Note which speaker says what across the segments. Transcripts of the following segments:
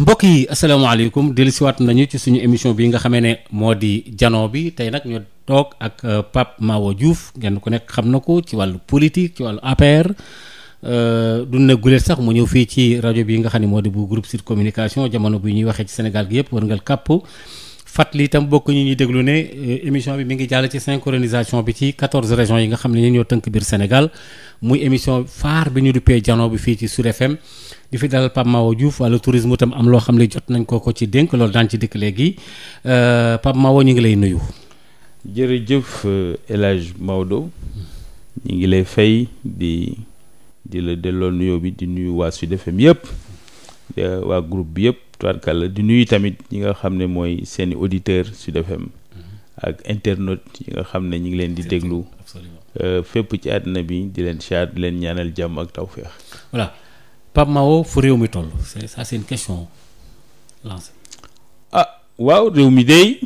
Speaker 1: mbokk yi asalaamaaleykum dellusiwaat nañu ci suñu émission bi nga xamee ne moo di jano bi tey nag ñu toog ak euh, Pape Mahawa Diouf ngeen ko nekk xam na ko ci wàllu politique ci wàllu APR euh, du ne guléet sax mu ñëw fii ci rajo bi nga xam ne moo di bu groupe Sud Communication jamono bi ñuy waxee ci Sénégal gi yëpp wërngal kàpp fàttali itam bokk ñu ñuy déglu ne euh, émission bi mi ngi jàll ci synchronisation bi ci 14 région yi nga xam ne ñu ñoo tënk biir Sénégal muy émission phare bi ñu duppee jano bi fii ci Sud FM di fi dalal Pape Mahawa Diouf wàllu tourisme itam am loo xam ne jot nañ koo ko ci dénk loolu daan ci dikk léegi euh, Pape Mahawa ñu ngi lay nuyu. jërëjëf euh, El Hadj Maodo ñu ngi lay fay
Speaker 2: di di la delloo nuyo bi di nuyu waa Sud FM yëpp waa groupe bi yëpp. tubarkàlla di nuyu tamit ñi nga xam ne mooy seeni auditeur Sud FM mm-hmm. ak internet yi nga xam ne ñu ngi leen di déglu euh, fépp ci àddina bi di leen chaat leen ñaanal jàmm ak tawféex
Speaker 1: voilà Pape Mao réew mi toll c'est ça c'est une
Speaker 2: ah, waaw réew mi dey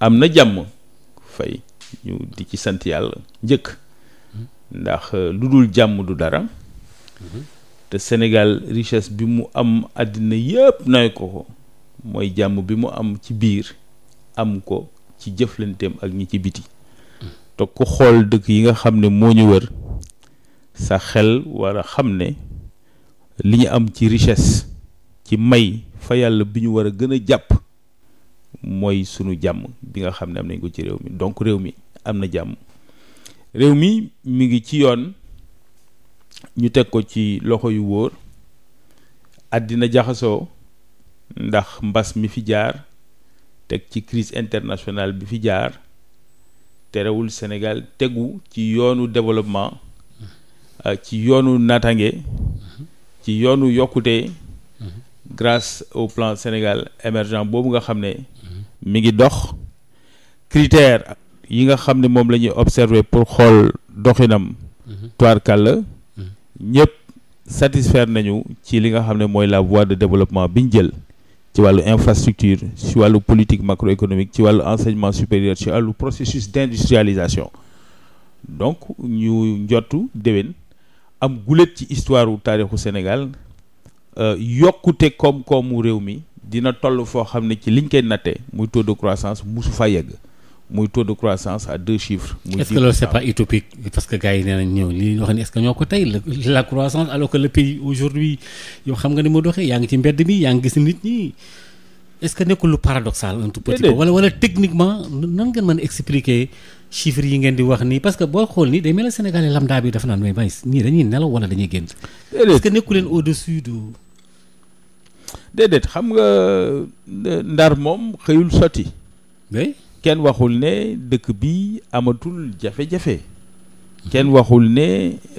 Speaker 2: am na jàmm fay ñu di ci sant yàlla njëkk mm-hmm. ndax euh, lu dul jàmm du dara
Speaker 1: mm-hmm.
Speaker 2: te Sénégal riches bi mu am àddina yépp nay ko ko mooy jàmm bi mu am ci biir am ko ci jëflanteem ak ñi ci biti te ku xool dëkk yi nga xam ne moo ñu wër sa xel war a xam ne li ñu am ci riches ci may fa yàlla bi ñu war a gën a jàpp mooy sunu jàmm bi nga xam ne am nañ ko ci réew mi donc réew mi am na jàmm réew mi mi ngi ci yoon ñu teg ko ci loxo yu wóor àddina jaxasoo ndax mbas mi fi jaar teg ci crise internationale bi fi jaar terewul Sénégal tegu ci yoonu développement mm-hmm. euh, ci yoonu naataange mm-hmm. ci yoonu yokkute mm-hmm. grâce au plan Sénégal émergent boobu nga xam ne mi ngi dox critères yi nga xam ne moom lañuy ñuy observer pour xool doxinam toirkal la ñëpp satisfaire nañu ci li nga xam ne mooy la voie de développement bi ñu jël ci wàllu infrastructure ci wàllu politique macroéconomique ci wàllu enseignement supérieur ci wàllu processus d'industrialisation donc ñu njotu déwén am gulet ci histoire wu taarixu Sénégal euh, yokkute koom-koomu réew mi dina toll foo xam ne ci liñ koy nattee muy taux de croissance musu faa yegg muy taux de croissance à deux chiffres. muy est-ce que loolu c'est pas parce que gars yi nee ñëw
Speaker 1: li wax ni est ñoo ko tey la croissance alors que le pays aujourd'hui yow xam nga ni mu doxee yaa ngi ci mbedd mi yaa ngi gis nit ñi est-ce que nekkul lu paradoxal un tout petit peu wala wala techniquement nan ngeen mën expliquer chiffres yi ngeen di wax nii parce que boo xool nii day mel ne sénégalais lambda bi dafa naan mais bay ñii dañuy nelaw wala dañuy génn. est-ce que nekku leen au
Speaker 2: déedéet xam nga euh, ndar moom xëyul sotti. kenn waxul ne dëkk bi amatul jafe-jafe kenn waxul ne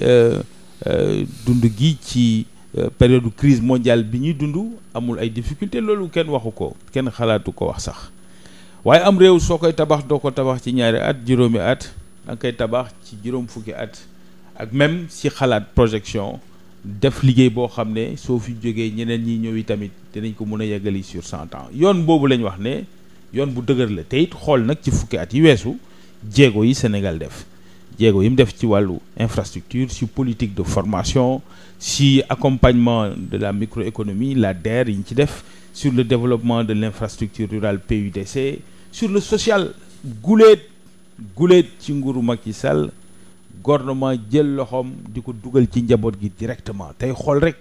Speaker 2: euh, euh, dund gi ci euh, période crise mondiale bi ñuy dund amul ay difficulté loolu kenn waxu ko kenn xalaatu ko wax sax waaye am réew soo koy tabax doo ko tabax ci ñaari at juróomi at danga koy tabax ci juróom fukki at ak même si xalaat projection def liggéey boo xam ne soo fi jógee ñeneen ñi ñëw tamit dinañ ko mën a yeggali sur cent ans yoon boobu lañ wax ne yoon bu dëgër la te xool nag ci fukki at yi weesu jéego yi Sénégal def jéego yi mu def ci wàllu infrastructure ci politique de formation ci accompagnement de la microéconomie la DER yi ñu ci def sur le développement de l'infrastructure rurale PUDC sur le sociale guléet guléet ci nguru mag Macky Sall gouvernement jël loxoom di ko dugal ci njaboot gi directement tey xool rek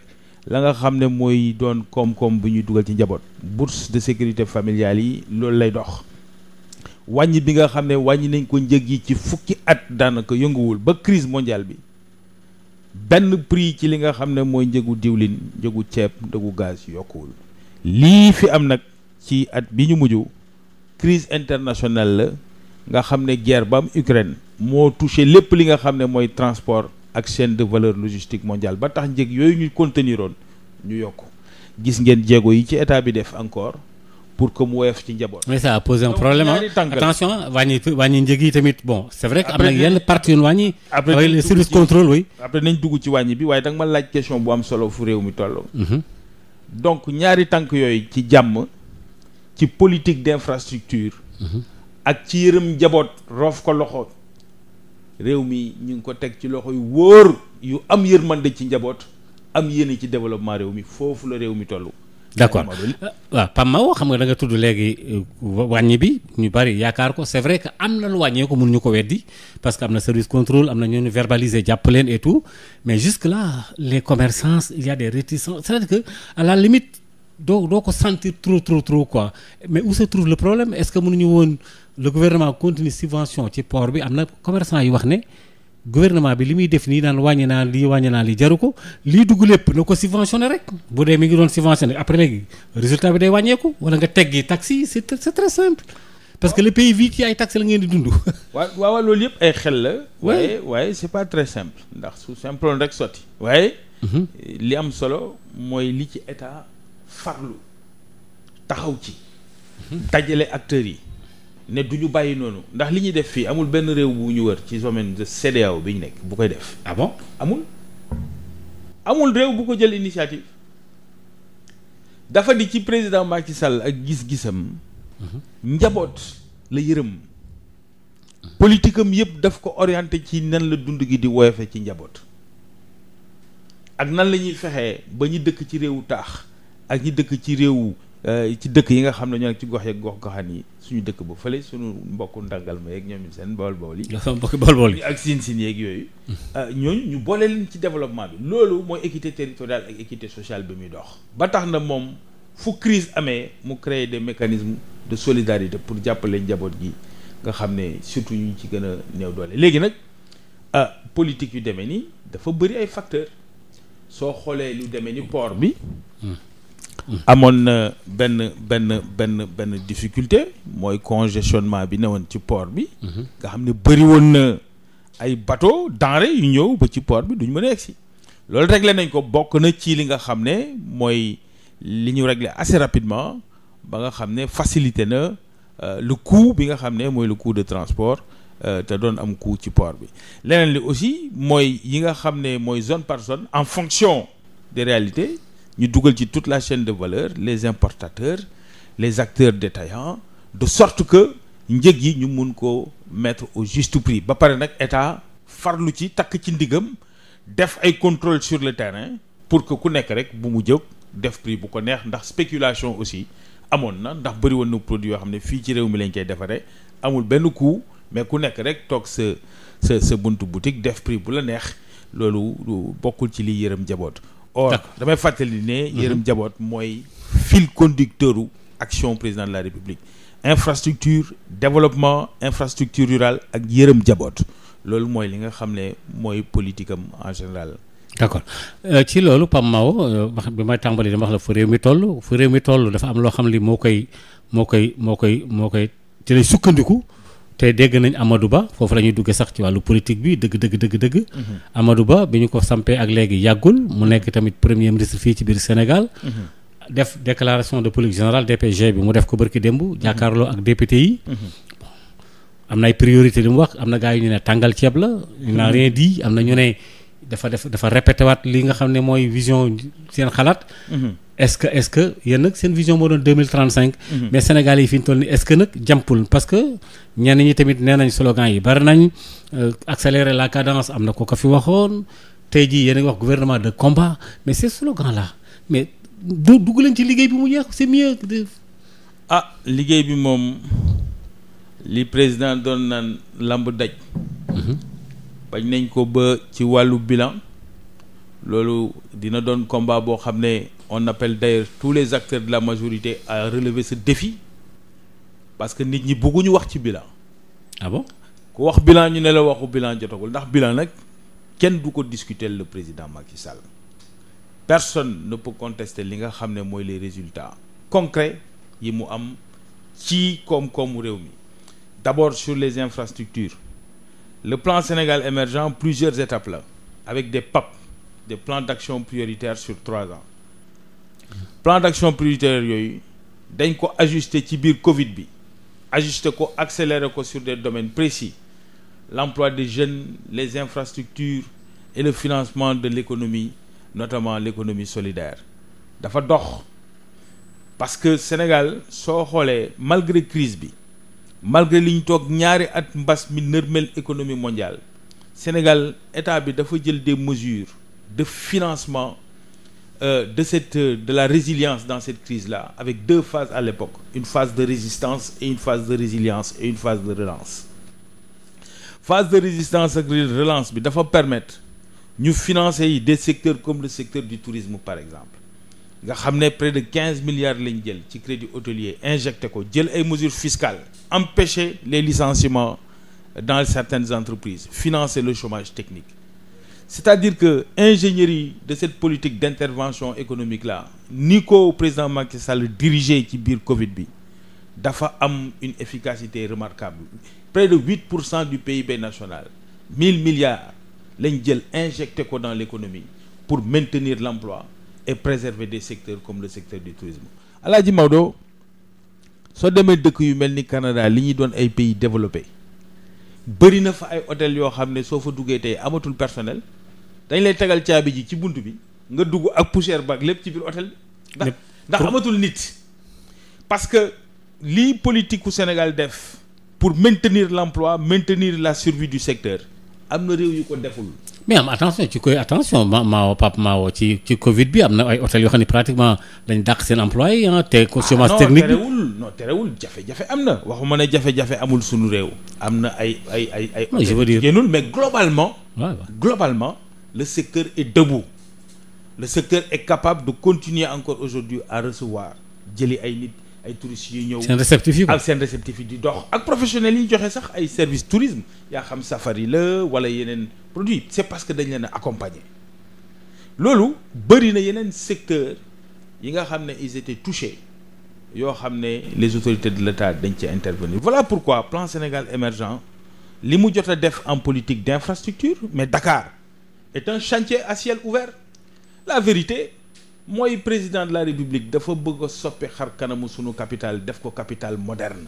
Speaker 2: la nga xam ne mooy doon koom-koom bu ñuy dugal ci njaboot bourse de sécurité familiale yi loolu lay dox wàññ bi nga xam ne wàññi nañ ko njëg yi ci fukki at daanaka yënguwul ba crise mondiale bi benn prix ci li nga xam ne mooy njëgu diwlin njëgu ceeb njëgu gaz yokkuwul lii fi am nag ci at bi ñu mujj crise internationale la nga xam ne ger ba am Ukraine moo touché lépp li nga xam ne mooy transport ak chaîne de valeur logistique mondiale ba tax njëg yooyu ñu conteniroon ñu yokk gis ngeen jéego yi ci état bi def encore pour que mu woyof ci njaboot.
Speaker 1: mais ça a posé un problème attention
Speaker 2: wàññi wàññi njëg yi tamit bon. c'est vrai que am na yenn parties
Speaker 1: yu wàññi. après le service contrôle oui.
Speaker 2: après nañ dugg ci wàññi bi waaye danga ma laaj question bu am solo fu réew mi tolloo mhm. donc ñaari tànk yooyu ci jàmm ci politique d'infrastructure. Mhm. ak ci yërëm njaboot roof ko loxo. réew mi ñu ngi ko teg ci loxo yu wóor yu am yërmande ci njaboot am yéene ci développement réew mi foofu la réew mi toll.
Speaker 1: d'accord waaw Pape Mahawa xam nga danga tudd léegi euh, wàññi bi ñu bari yaakaar ko c'est vrai que am na lu wàññee ko mun ñu ko weddi parce que am na service contrôle am na nu verbaliser jàpp leen et tout mais jusque là les commerçants il y a des réticences cest que à la limite doo doo ko sentir trop trop trop quoi mais ou se trouve le problème est-ce que mënuñu woon. le gouvernement continue subvention ci port bi am na commerçant yi wax ne gouvernement bi li muy def nii naan wàññi naa lii wàññi naa lii jaru ko lii dugg lépp na ko subventionné rek bu dee mi ngi doon subventionné après léegi résultat bi day wàññeeku wala nga teggi taxes yi c'est c'est très simple parce que le pays vi ci ay taxes la ngeen di dund.
Speaker 2: waaw waaw loolu yëpp ay xel la. waaye waaye c'est pas très simple. ndax su simple rek sotti. waaye. Mhm. li am solo mooy li ci état farlu taxaw ci. Mhm. dajale acteurs yi. ne du ñu bàyyi noonu ndax li ñuy def fii amul benn réew bu ñu wër ci domaine de CEDEAO bi ñu nekk bu koy def. ah amul. amul réew bu ko jël initiative dafa di ci président Macky Sall ak gis-gisam. Mhm. njaboot la yërëm. politikam am yëpp daf ko orienté ci nan la dund gi di woyofe ci njaboot. ak nan la ñuy fexee ba ñu dëkk ci réewu taax ak ñi dëkk ci réewu. Euh, ci dëkk yi nga xam ne ñoo nekk ci gox yeeg gox goxaan yi suñu dëkk ba fële suñu mbokku ndàngal ma yeeg ñoom seen bool bool yi mbokk bool bool yi ak siin siin yeeg yooyu mm-hmm. euh, ñooñu ñu boole ci développement bi loolu mooy équité territoriale ak équité sociale bi muy dox ba tax na moom fu crise amee mu créer des mécanisme de solidarité pour jàppale njaboot gi nga xam ne surtout ñu ci gën a néew doole léegi nag ah politique yu demee nii dafa bëri ay facteurs soo xoolee lu demee ni port bi
Speaker 1: mm-hmm.
Speaker 2: amoon na benn benn benn benn difficulté mooy congestionnement bi newoon ci port bi. Mhm. nga xam ne bëri woon na ay bateau denrée yu ñëw ba ci port bi duñ ma nekk si loolu regle nañ ko bokk na ci li nga xam ne mooy li ñu réglé assez ba nga xam ne facilité na euh, le coût bi nga xam ne mooy le coût de transport euh, te doon am coût ci port bi. leneen li aussi mooy yi nga xam ne mooy zone par zone en fonction des réalité ñu dugal ci toute la chaîne de valeur les importateurs les acteurs détaillants de sorte que njëg yi ñu mun ko mettre au juste prix ba pare nag état farlu ci takk ci ndiggam def ay contrôle sur le terrain pour que ku nekk rek bu mu jóg def prix bu ko neex ndax spéculation aussi amoon na ndax bëri woon na produit yoo xam ne fii ci réew mi lañ koy defaree amul benn ku mais ku nekk rek toog sa sa sa buntu boutique def prix bu la neex loolu bokkul ci liy yërëm jaboot or damay fàttali ne Yërim Jaboot mhm. mooy fil conducteur u action président de la République infrastructure développement infrastructure rural ak yërëm Jaboot loolu mooy li nga xam ne mooy politique en général
Speaker 1: d'accord euh, ci loolu pam Mao euh, wax bi may tàmbali dama wax la fu réew mi toll fu réew mi toll dafa am loo xam li moo koy moo koy moo koy moo koy ci lay sukkandiku te dégg nañ amadu Ba foofu la ñuy duggee sax ci wàllu politique bi dëgg dëgg dëgg dëgg. Mm-hmm. Amadou Ba bi ñu ko sampee ak léegi yàggul mu nekk tamit premier ministre fii ci biir Sénégal. Mm-hmm. def déclaration de politique générale DPG bi mu def ko bërki démb. Mm-hmm. jàkkaarloo ak député yi. am na ay priorité li mu wax am na gars yi ñu ne tàngal ceeb la. il n'a rien am na ñu ne dafa def dafa répété waat li nga xam ne mooy vision seen xalaat. est-ce que est-ce que yéen nag seen vision moo doon deux mille trente cinq. Mhm. mais Sénégal yi fi ñu toll nii est-ce que nag jàmpul parce que ñenn ñi tamit nee nañ slogan yi bari nañ euh, accélérer la cadence am na ko ko fi waxoon tey jii yéen a ngi wax gouvernement de combat mais ces slogans là mais du dugg leen ci liggéey bi mu jeex c'est mieux. ah liggéey bi moom
Speaker 2: li président doon naan làmb daj. Mhm. bañ nañ ko ba ci wàllu bilan loolu dina doon combat boo xam ne. on appelle d'ailleurs tous les acteurs de la majorité à relever ce défi parce que nit ñi bëgguñu wax ci bilan. ah bon ku wax bilan ñu ne la waxu bilan jotagul ndax bilan nag kenn du ko discuter le président Macky Sall. personne ne peut contester li nga xam ne mooy les résultats concrets yi mu am ci koom-koomu réew mi d'abord sur les infrastructures le plan Sénégal émergent plusieurs étapes là avec des PAP des plans d'action prioritaires sur trois ans plan d'action prioritaire yooyu dañ ko ajuster ci biir Covid bi ajuster ko accélérer ko sur des domaines précis l'emploi des jeunes les infrastructures et le financement de l'économie notamment l'économie solidaire dafa dox parce que Sénégal soo xoolee malgré crise bi malgré li toog ñaari at mbas mi nërmel économie mondiale Sénégal état bi dafa jël des mesures de financement euh, de cette euh, de la résilience dans cette crise-là avec deux phases à l'époque une phase de résistance et une phase de résilience et une phase de relance phase de résistance ak relance bi dafa permettre ñu financer des secteurs comme le secteur du tourisme par exemple nga xam ne près de quinze milliards lañ jël ci crédit hôtelier injecté ko jël ay mesures fiscales empêcher les licenciements dans certaines entreprises financer le chômage technique c'est-à-dire que ingénierie de cette politique d'intervention économique la ni ko président Macky Sall dirigé ci biir Covid bi dafa am une efficacité remarquable près de huit pour cent du PIB national mille milliards lañ jël injecté ko dans l'économie pour maintenir l'emploi et préserver des secteurs comme le secteur du tourisme Alaaji Maodo soo demee dëkk yu mel ni Canada li ñuy doon ay pays développés bëri na fa ay hôtel yoo xam ne soo fa duggee tey amatul personnel dañ lay tegal caabi ji ci bunt bi nga dugg ak poussière baag lépp ci biir hôtel bi ndax ndax amatul nit parce que lii politique ku Sénégal def pour maintenir l'emploi maintenir la survie du secteur am na réew yu ko deful
Speaker 1: mais am attention ci koy attention ma maawo pap maawo ci ci covid bi am na ay hôtel yoo xam ne pratiquement dañ dàq seen employé yi te ko chômage ah, technique bi
Speaker 2: terewul terewul jafe-jafe am na waxuma ne jafe-jafe amul suñu réew am na ay ay ay ay je veux dire génnul mais globalement globalement le secteur est debout le secteur est capable de continuer encore aujourd'hui à recevoir jëli ay nit ay touristes yuy ñëw. seen ak seen réceptif yi di dox. ak professionnels yi joxe sax ay service tourisme yaa xam safari la wala yeneen produits c'est parce que dañ leen a loolu bëri na yeneen secteur yi nga xam ne ils étaient touchés yoo xam ne les autorités de l'État dañ ci intervenir. voilà pourquoi plan Sénégal émergent li mu jot a def en politique d'infrastructure mais Dakar. est un chantier à ciel ouvert la vérité mooy président de la république dafa bëgg soppi xar kanamu sunu capital def ko capital moderne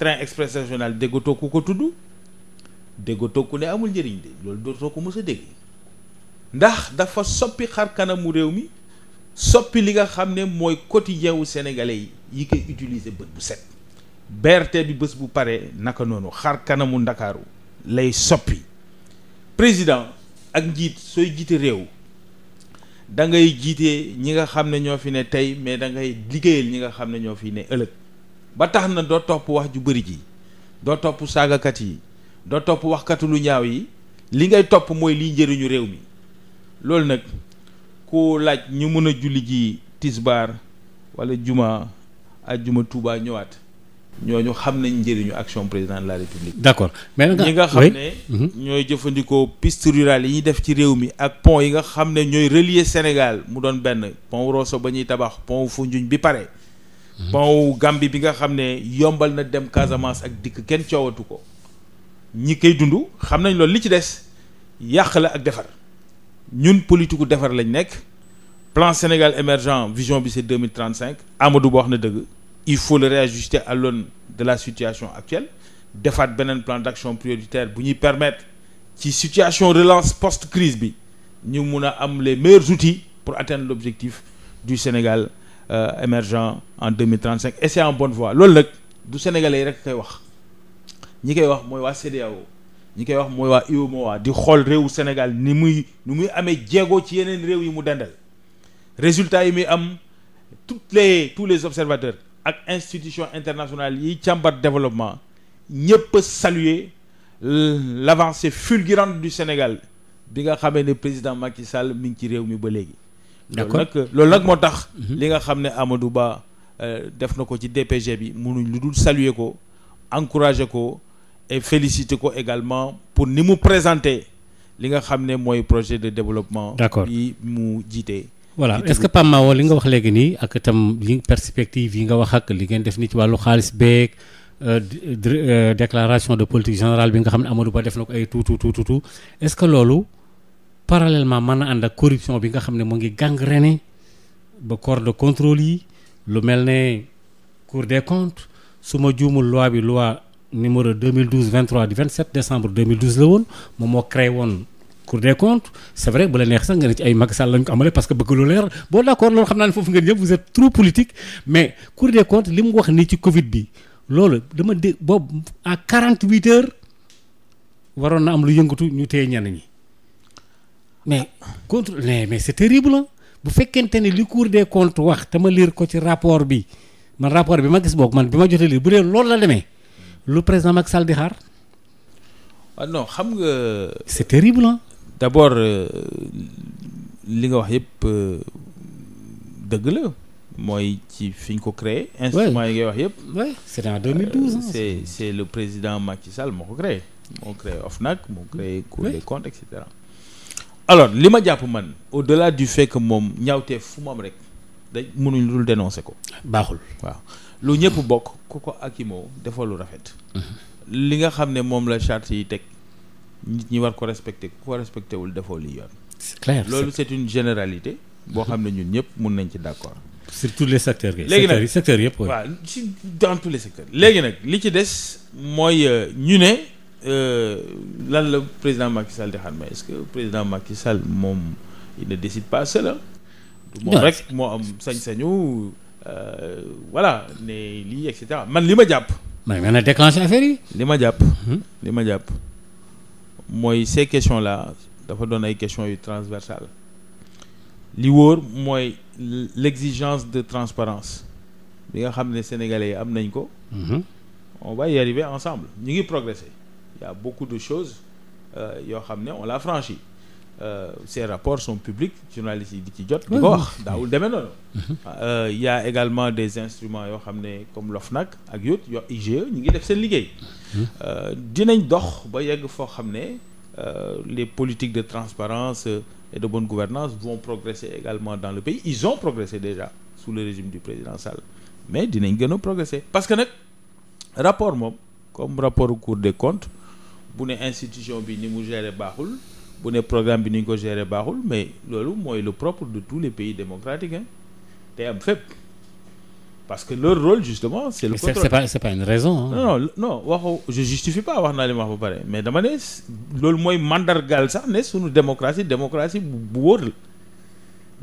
Speaker 2: train express régional déggatoo ku ko tudd déggatoo ku ne amul njëriñ de loolu dootoo ko mës a dégg ndax dafa soppi xar kanamu réew mi soppi li nga xam ne mooy quotidien wu sénégalais yi yi koy utiliser bët bu set BRT bi bés bu paree naka noonu xar kanamu ndakaaru lay soppi président ak njiit sooy jiite réew da ngay jiite ñi nga xam ne ñoo fi ne tey mais da ngay liggéeyal ñi nga xam ne ñoo fi ne ëllëg ba tax na doo topp wax ju bëri ji doo topp saagakat yi doo topp waxkatu lu ñaaw yi li ngay topp mooy liy njëriñu réew mi loolu nag ku laaj ñu mën a julli ji tisbaar wala juma ajjuma Tuubaa ñëwaat ñooñu xam nañ njëriñu action président de la république. d' accord mais nag nga xam ne. Mhm. ñooy jëfandikoo piste rurale yi ñuy def ci réew mi ak pont yi nga xam ne ñooy relier Sénégal mu doon benn pont Rosso ba ñuy tabax pont Foundiougne bi pare. Mhm. pont Gambie bi nga xam ne yombal na dem Casamance ak dikk kenn coowatu ko. ñi koy dund xam nañ lool li ci des yàq la ak defar ñun politiku defar lañ nekk plan Sénégal émergent vision bi c'est deux mille trente cinq Amadou Ba wax na dëgg. il faut le réajuster à de la situation actuelle defaat beneen plan d'action prioritaire bu ñuy permettre ci situation relance post-crise bi ñu mun a am les meilleurs outils pour atteindre l'objectif du Sénégal euh, émergent en 2035 et c'est en bonne voie loolu nag du sénégalais yi rek koy wax ñi koy wax mooy waa CEDEAO ñi koy wax mooy waa UEMOA di xool réewu Sénégal ni muy ni muy amee jéego ci yeneen réew yi mu dendal résultat yi muy am tout les tous les observateurs ak institution internationale yiy càmbar développement ñëpp a saluer lavancé fulgurante du Sénégal bi nga xamee ne président Macky Sall mi ngi ci réew mi ba léegi. loolu nag loolu nag moo tax. Mhm. li nga xam ne Amadou Ba euh, def na ko ci DPG bi munuñ lu dul saluer ko encourager ko et féliciter ko également pour ni mu présenter li nga xam ne mooy projet de développement. d'accord yi mu jiitee voilà est-ce que Pape
Speaker 1: Mahawa li nga wax léegi nii ak itam li perspective yi nga wax ak li ngeen def nii ci wàllu xaalis beeg euh, euh, déclaration de politique générale bi nga xam ne Amadou Ba def na ko ay tuutu tu tuutu est-ce que loolu parallèlement mën na ànd ak corruption bi nga xam ne mu ngi gangrené ba corps de contrôle yi lu mel ne cour de comptes su ma juumul loi bi loi numéro 2012 23 du 27 décembre 2012 la woon moom moo créé woon. cour des comptes c' est vrai bu la neex sax nga ne ci ay Macky Sall lañ ko amale parce que bëgg lu leer bon d' accord loolu xam naa ne foofu ngeen ñëpp vous êtes politique mais cour des comptes li mu wax nii ci Covid bi loolu dama dégg boobu à 48 waroon na am lu yëngatu ñu téye ñenn ñi mais contre mais mais c' est terrible bu fekkente ne li cour des comptes wax te ma lire ko ci rapport bi man rapport bi ma gis boog man bi ma jotee lire bu dee loolu la demee lu président Macky Sall di xaar.
Speaker 2: ah d'abord euh, li nga wax yëpp euh, dëgg la mooy ci fiñ ko créé. instrument yi ngay wax yëpp. oui c'est en c'est le président Macky Sall moo ko créé. moo créé OFNAC moo créé. Cour des comptes et alors li ma jàpp man au-delà du fait moom ñawtee fu moom rek dañ mënuñ dul dénoncer ko. baaxul waaw lu ñëpp bokk ku ko ak i moo rafet. Mm-hmm. li nga xam ne moom la charte yi teg. nit ñi war ko respecté ku ko respecté wul defoo li yoon. c'est clair loolu c'est une généralité. boo xam ne ñun ñëpp mun nañ ci d'accord.
Speaker 1: sur tous les secteurs yi. léegi nag secteurs yëpp waaw
Speaker 2: ci dans tous les léegi nag li ci des mooy euh, ñu ne euh, lan la président Macky Sall di xam mais est-ce que président Macky Sall moom il ne décide pas seul. moom rek moo am sañ-sañu euh, voilà ne lii et cetera man li ma jàpp. man nga na déclencher affaire yi. li ma jàpp. Hmm? li ma jàpp. mooy ces questions la dafa doon ay questions yu transversales li wóor mooy l'exigence de transparence bi nga xam ne sénégalais yi am nañ ko mhm. on va y arriver ensemble ñu ngi progressé y a beaucoup de choses euh, yoo xam ne on l'a franchi Euh, se rapports son publics journalistes yi di ci jot. di ko wax daawul demee noonu. Mhm. Euh, il y également des instruments yoo xam ne comme l'OFNAC ak yot yo IGE ñu ngi def seen liggéey. Mhm. Euh, dinañ dox ba yegg foo xam ne les politiques de transparence et de bonne gouvernance vont progresser également dans le pays ils ont progressé déjà sous le régime du président Sall mais dinañ gën progressé parce que nag rapport moom comme rapport au Cour des comptes bu ne institution bi ni mu géré baaxul. bu ne programme bi ni ñu ko gérer baaxul mais loolu mooy le propre de tous les pays démocratiques hein te am fépp parce que leur rôle justement c'est le contrôle c'est pas
Speaker 1: c'est pas une raison hein.
Speaker 2: non waxu je justifie pas wax naa li wax ba pare mais dama ne loolu mooy mandargal sax ne suñu démocratie démocratie bu wóor la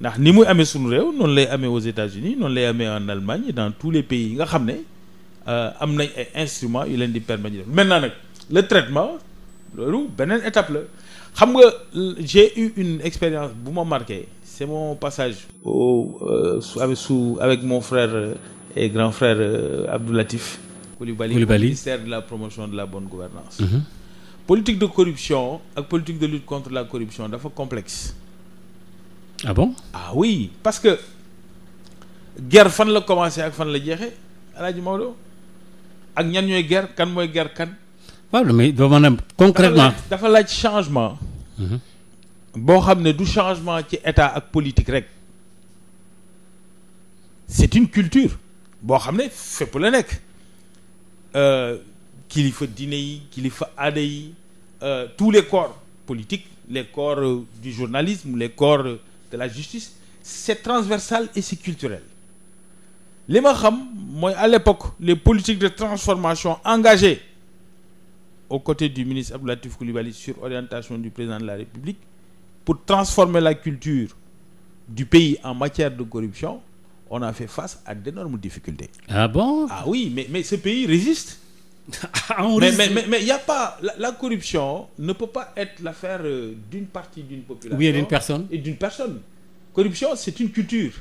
Speaker 2: ndax ni muy amee suñu réew noonu lay amee aux États-Unis noonu lay amee en Allemagne dans tous les pays yi nga xam ne euh, am nañ ay instruments yu leen di permettre maintenant nag le traitement xam nga j'ai eu une expérience bu ma marqué c'est mon passage au euh, avec sous avec mon frère euh, et grand frère euh, Latif Coulibaly Coulibaly de la promotion de la bonne gouvernance mm politique de corruption ak politique de lutte contre la corruption dafa complexe ah bon ah oui parce que guerre fan la commencé ak fan la jeexe Alaaji Maodo ak ñan ñooy guerre kan mooy guerre kan dafa laaj changement boo xam ne du changement ci état ak politique rek c'est une culture boo xam ne fépp la nekk euh, kilifa diine yi kilifa aada yi euh, tous les corps politiques les corps euh, du journalisme les corps de la justice c'est transversal et c'est culturel li ma xam mooy à l'époque les politiques de transformation engagées aux côtés du ministre Abdou Latif Coulibaly sur orientation du président de la République pour transformer la culture du pays en matière de corruption on a fait face à d'énormes difficultés. Ah bon? Ah oui, mais ce pays résiste. Ah, a pas la, la corruption ne peut pas être l'affaire euh, d'une partie d'une population. Oui, et d'une personne. Et d'une personne. Corruption, c'est une culture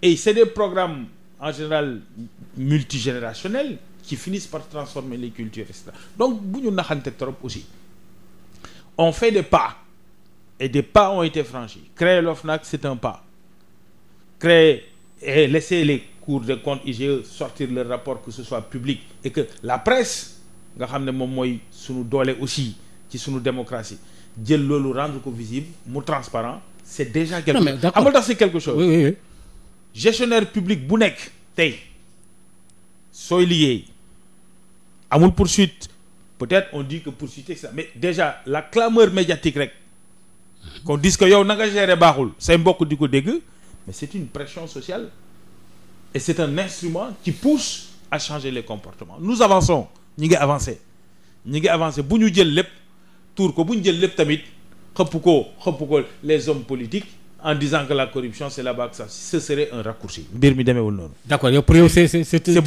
Speaker 2: et c'est des programmes en général multigénérationnels qui finissent par transformer les cultures et cetera donc bu ñu trop aussi on fait des pas et des pas ont été franchis créer l'OFNAC c'est un pas créer et laisser les cours de compte IGE sortir leur rapport que ce soit public et que la presse nga xam ne moom mooy suñu doole aussi ci suñu démocratie jël loolu rendre ko visible mu transparent c'est déjà quelque chose amal tax c'est quelque chose gestionnaire public bu nekk tey sooy liggéey amul poursuite peut-être on dit que poursuite et ça mais déjà la clameur médiatique rek qu'on dise que yow na nga baaxul say mbokk di ko dégg mais c'est une pression sociale et c'est un instrument qui pousse à changer les comportements nous avançons ñi ngi avancer ñi ngi avancer bu ñu jël lépp tour ko bu ñu jël lépp tamit xëpp ko xëpp ko les hommes politiques en disant que la corruption c'est là-bas que ce serait un raccourci mbir mi demeewul noonu.
Speaker 1: d'accord yow pour c'est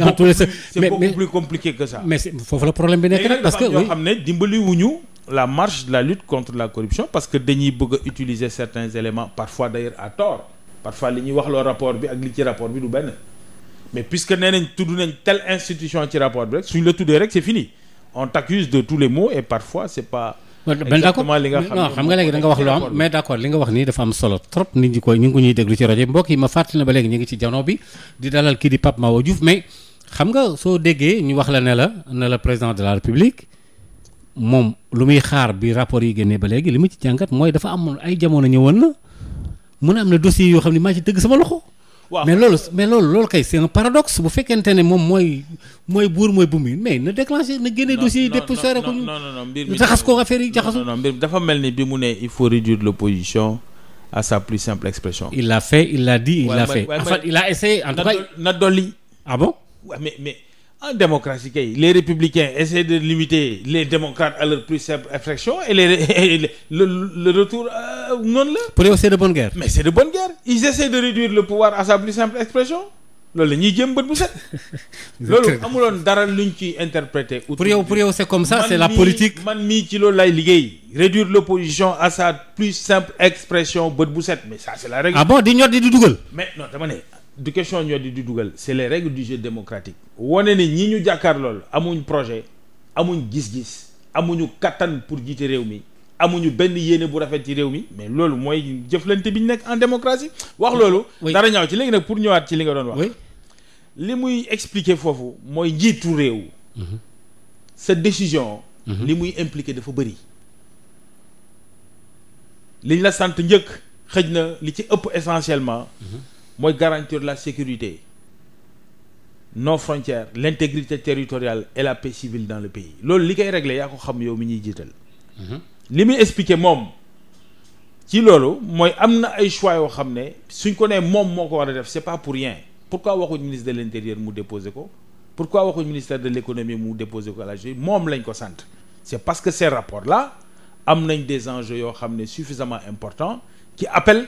Speaker 1: beaucoup plus compliqué que ça. mais foofu la problème bi nekk nag parce que ñoo xam
Speaker 2: ne dimbali la marche de la lutte contre la corruption parce que dañuy bëgg a utiliser certains éléments parfois d'ailleurs à tort parfois li ñuy wax loo rapport bi ak c'est fini on t'accuse de tous les maux et parfois ben xam nga léegi da wax lu am
Speaker 1: mais d'accord li nga wax nii dafa am solo trop nit ñi koy ñu ngi ko ñuy déglu ci rajo yi mbokk yi ma fàttali na ba léegi ñu ngi ci jano bi di dalal kii di Pape Mahawa Diouf xam nga soo déggee ñu wax la ne la ne la président de la République moom lu muy xaar bi rapport yi génnee ba léegi li ma ci jàngat mooy dafa amoon ay jamono ñëwoon na mun a am na dossier yoo xam ne maa ci dëgg sama loxo waaw mais loolu mais loolu loolu kay c'est un paradoxe bu fekkente ne moom mooy mooy buur mooy bu muy mais na déclenché na génne dossier yi dépoussiéré ko ñu jaxas
Speaker 2: koo affaire yi jaxasu non dafa mel ni bi mu ne il faut réduire l'opposition à sa plus simple expression
Speaker 1: il l'a fait il l'a dit il l'a fait en il a essayé
Speaker 2: na dolli ah En démocratie kay les républicains essaient de limiter les démocrates à leur plus simple infraction et, les, et le, retour euh, la. pour yow c'est de bonne guerre. mais c'est de bonne guerre ils essaient de réduire le pouvoir à sa plus simple expression loolu la ñuy jëm bët bu set. loolu dara luñ ci interpréter. pour yow pour yow c'est comme ça c'est la politique man mii ci loolu lay liggéey. réduire l'opposition à sa plus simple expression bët bu set mais ça c'est la règle. ah bon di ñor du question ñoo di di dugal c'est les règles du jeu démocratique wane ni ñi ñu jàkkaar lool amuñ projet amuñ gis-gis amuñu kattan pour jiite réew mi amuñu benn yéene bu rafet ci réew mi mais loolu mooy jëflante bi ñu nekk en démocratie wax loolu dara ñaaw ci léegi nag pour ñëwaat ci li nga doon wax li muy expliquer foofu mooy njiitu réew mhm. sa décision mhm. li muy impliqué dafa bëri liñ la sant njëkk xëj na li ci ëpp essentiellement mhm. mooy garantir la sécurité nos frontières l'intégrité territoriale et la paix civile dans le pays loolu li koy régler yaa ko xam yow mi ñuy jiital mhm. li muy expliquer moom ci loolu mooy am na ay choix yoo xam ne suñ ko nee moom moo ko war a def c'est pas pour rien pourquoi waxuñ ministre de l'intérieur mu déposer ko pourquoi waxuñ ministère de l'économie mu déposer ko la justice moom lañ ko sant c'est parce que ces rapport la am nañ des enjeux yoo xam ne suffisamment importants qui appellent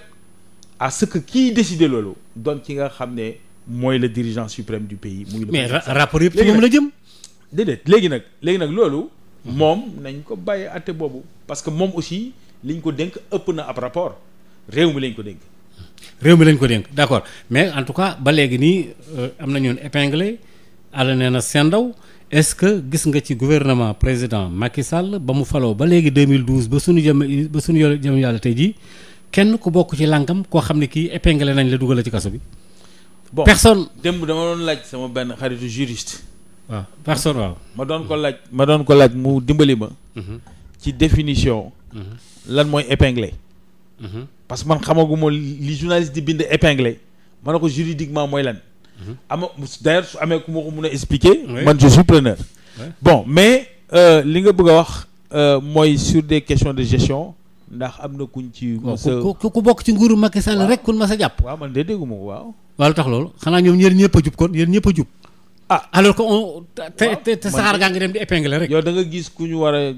Speaker 2: à ce que kiy décider loolu doon ci nga xam ne mooy le dirigeant suprême du pays. muy le mais rapport yëpp ci moom la jëm. déedéet léegi nag léegi nag loolu. Mhm. moom nañ ko bàyyee àtte boobu. parce que moom aussi liñ ko dénk ëpp na ab rapport réew mi lañ ko dénk.
Speaker 1: réew mi lañ ko dénk d'accord mais en tout cas ba léegi nii euh, am na ñoon épinglé àll nee na seen ndaw est-ce que gis nga ci gouvernement président Macky Sall ba mu faloo ba léegi 2012 ba suñu jëm ba suñu jëm yàlla tey jii. kenn ku bokk ci lànkam koo xam ne kii épinglé nañ la dugal ci kaso bi. bon
Speaker 2: personne démb dama doon laaj sama benn xaritu juriste. waaw personne waaw. ma doon ko laaj ma doon ko laaj mu dimbali ma. Mhm. ci définition. Mhm. lan mooy épinglé. Mhm. parce que man xamaguma li journaliste di bind épinglé ma ne ko juridiquement mooy lan. ama d'ailleurs su amee ku ma ko mun a expliquer. man je suis preneur. bon mais euh, li nga bëgg a wax euh, mooy sur des questions de gestion. ndax am na kuñ
Speaker 1: ci. ku ku bokk ci nguuru Macky Sall rek kun ma sa jàpp. waaw man de dégguma ko waaw. waaw lu tax loolu xanaa ñoom ñeent ñëpp a jub kon yéen ñëpp a jub. ah alors que on. te te saxaar gaa ngi dem di épingler rek. yow danga gis ku ñu war a.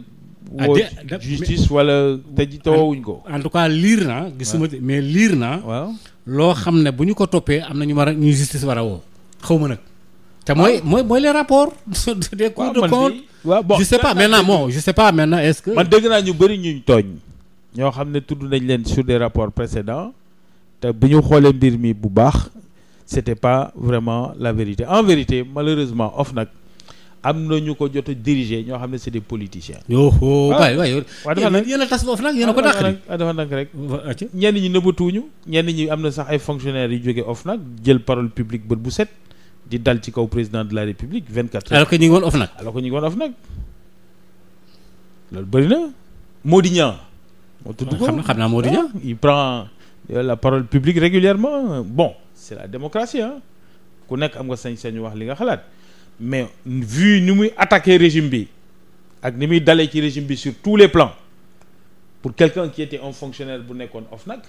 Speaker 1: Ah, woo justice wala te tawawuñ ko. en tout cas liir naa. gisuma mais liir naa. waaw loo xam ne bu ñu ko toppee am na war a ñu justice war a woo. xaw ma nag. te mooy ah. mooy mooy les rapports. des cours de compte. waaw bon je sais pas maintenant bon je sais pas maintenant est-ce que. man dégg naa ñu bëri ñu tooñ. ñoo xam ne tudd nañ
Speaker 2: leen sur des rapports précédents te bi ñu xoolee mbir mi bu baax c'était pas vraiment la vérité en vérité malheureusement OFNAC am na ñu ko jot a diriger ñoo xam ne c'est des politiciens. yoo xoo ah. waay waay. waaw dafa nag yéen a tas boobu nag yéen a ko ah, dàq rek ah, dafa nag rek. ñenn ñi nëbbatuwuñu ñenn ñi am na sax ay fonctionnaires yu jógee OFNAC jël parole publique bët bu set di dal ci kaw président de la république 24 heures. alors que ñu ngi woon OFNAC. alors que ñu ngi woon OFNAC loolu bëri na Mody Niang. moo tudd ko xam naa moo di ah, il prend euh, la parole publique régulièrement bon c'est la démocratie ah ku nekk am nga sañ-sañu wax li nga xalaat mais vu ni muy attaque régime bi ak ni muy dalee ci régime bi sur tous les plans pour quelqu'un qui était un fonctionnaire bu nekkoon OFNAC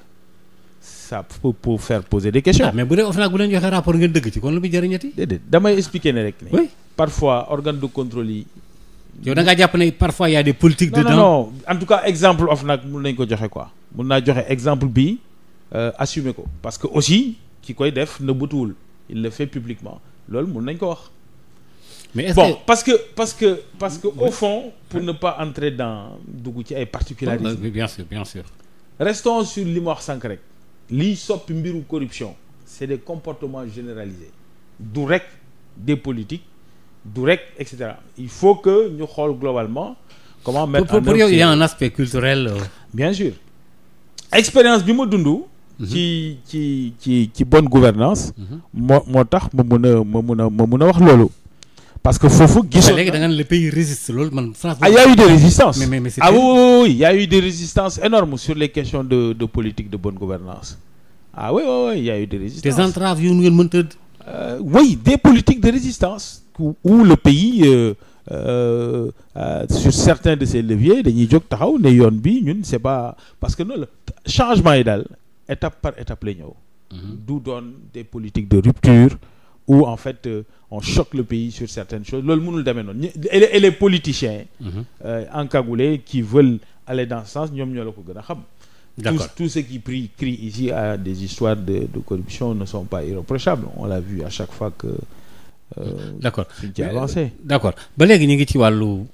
Speaker 2: nag peut pour faire poser des questions. Ah, mais bu dee OFNAC bu leen joxee rapport ngeen dëgg ci kon lu muy jëriñati. déedéet damay expliquer ne rek. oui parfois organe de contrôle yow da ngaa jàpp ne parfois y a des politiques dedans en tout cas exemple nag mun nañ ko joxe quoi mun naa joxe exemple bi euh, assumer ko parce que aussi ki koy def nëbbatuwul il le fait publiquement loolu mun
Speaker 1: nañ ko wax mais est-ce que...
Speaker 2: parce que parce que parce que au fond pour oui. ne pas entrer dans dugg ci ay particularisme
Speaker 1: bien sûr bien sûr
Speaker 2: restons sur li ma wax sànq rek liy soppi mbiru corruption c'est des comportements généralisés du rek des politiques du rek et cetera il faut que ñu xool globalement comment mettre pour, en pour yow il y a
Speaker 1: aspect culturel euh, bien sûr
Speaker 2: expérience bi ma dund mhm. ci ci ci ci bonne gouvernance mhm. moo moo tax ma mun a ma mun a mun a wax loolu parce que foofu gisoon léegi da nga ne pays résiste
Speaker 1: man France ah y i eu mais, mais, mais ah
Speaker 2: oui, eu des résistances énormes sur les questions de de politique de bonne gouvernance ah oui oui oui y a eu des résistances des entraves yu ngeen mënta euh, oui des politiques de résistance où le pays euh, euh, euh, sur certains de ces leviers dañuy jóg taxaw ne yoon bi ñun c'est pas parce que noonu la changement yi daal étape par étape la ñëw. Mhm. du doon des politiques de rupture où en fait euh, on choque le pays sur certaines choses loolu mënul demee noonu et les et les politiciens. Mhm. Euh, encagoulés qui veulent aller dans ce sens ñoom ñoo la ko gën a xam. d'accord tout, tout ce qui prie crie ici à des histoires de de corruption ne sont pas irréprochables on l'a vu
Speaker 1: à chaque fois que. Euh, d'accord di avancé euh, d'accord ba léegi ñu ngi ci wàllu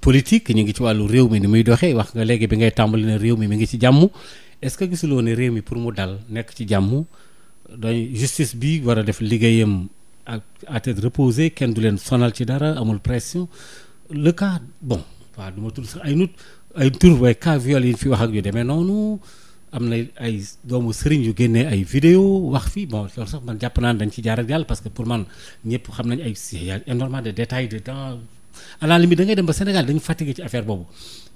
Speaker 1: politique ñu ngi ci wàllu réew mi ni muy doxee wax nga léegi bi ngay tàmbali na réew mi mi ngi ci jàmm est-ce que gisuloo ne réew mi pour mu dal nekk ci jàmm dañ justice bi war a def liggéeyam ak à tête reposée kenn du leen sonal ci dara amul pression le cas bon waaw du ma tudd ay nut ay tur waaye cas yi fi wax ak yu demee noonu am na ay doomu sëriñ yu génnee ay vidéo wax fii bon loolu sax man jàpp naa ne dañ ci jaar ak yàlla parce que pour man ñëpp xam nañ ay y a énormément de détails dedans à la limite dem ba Sénégal dañu fatigué ci affaire boobu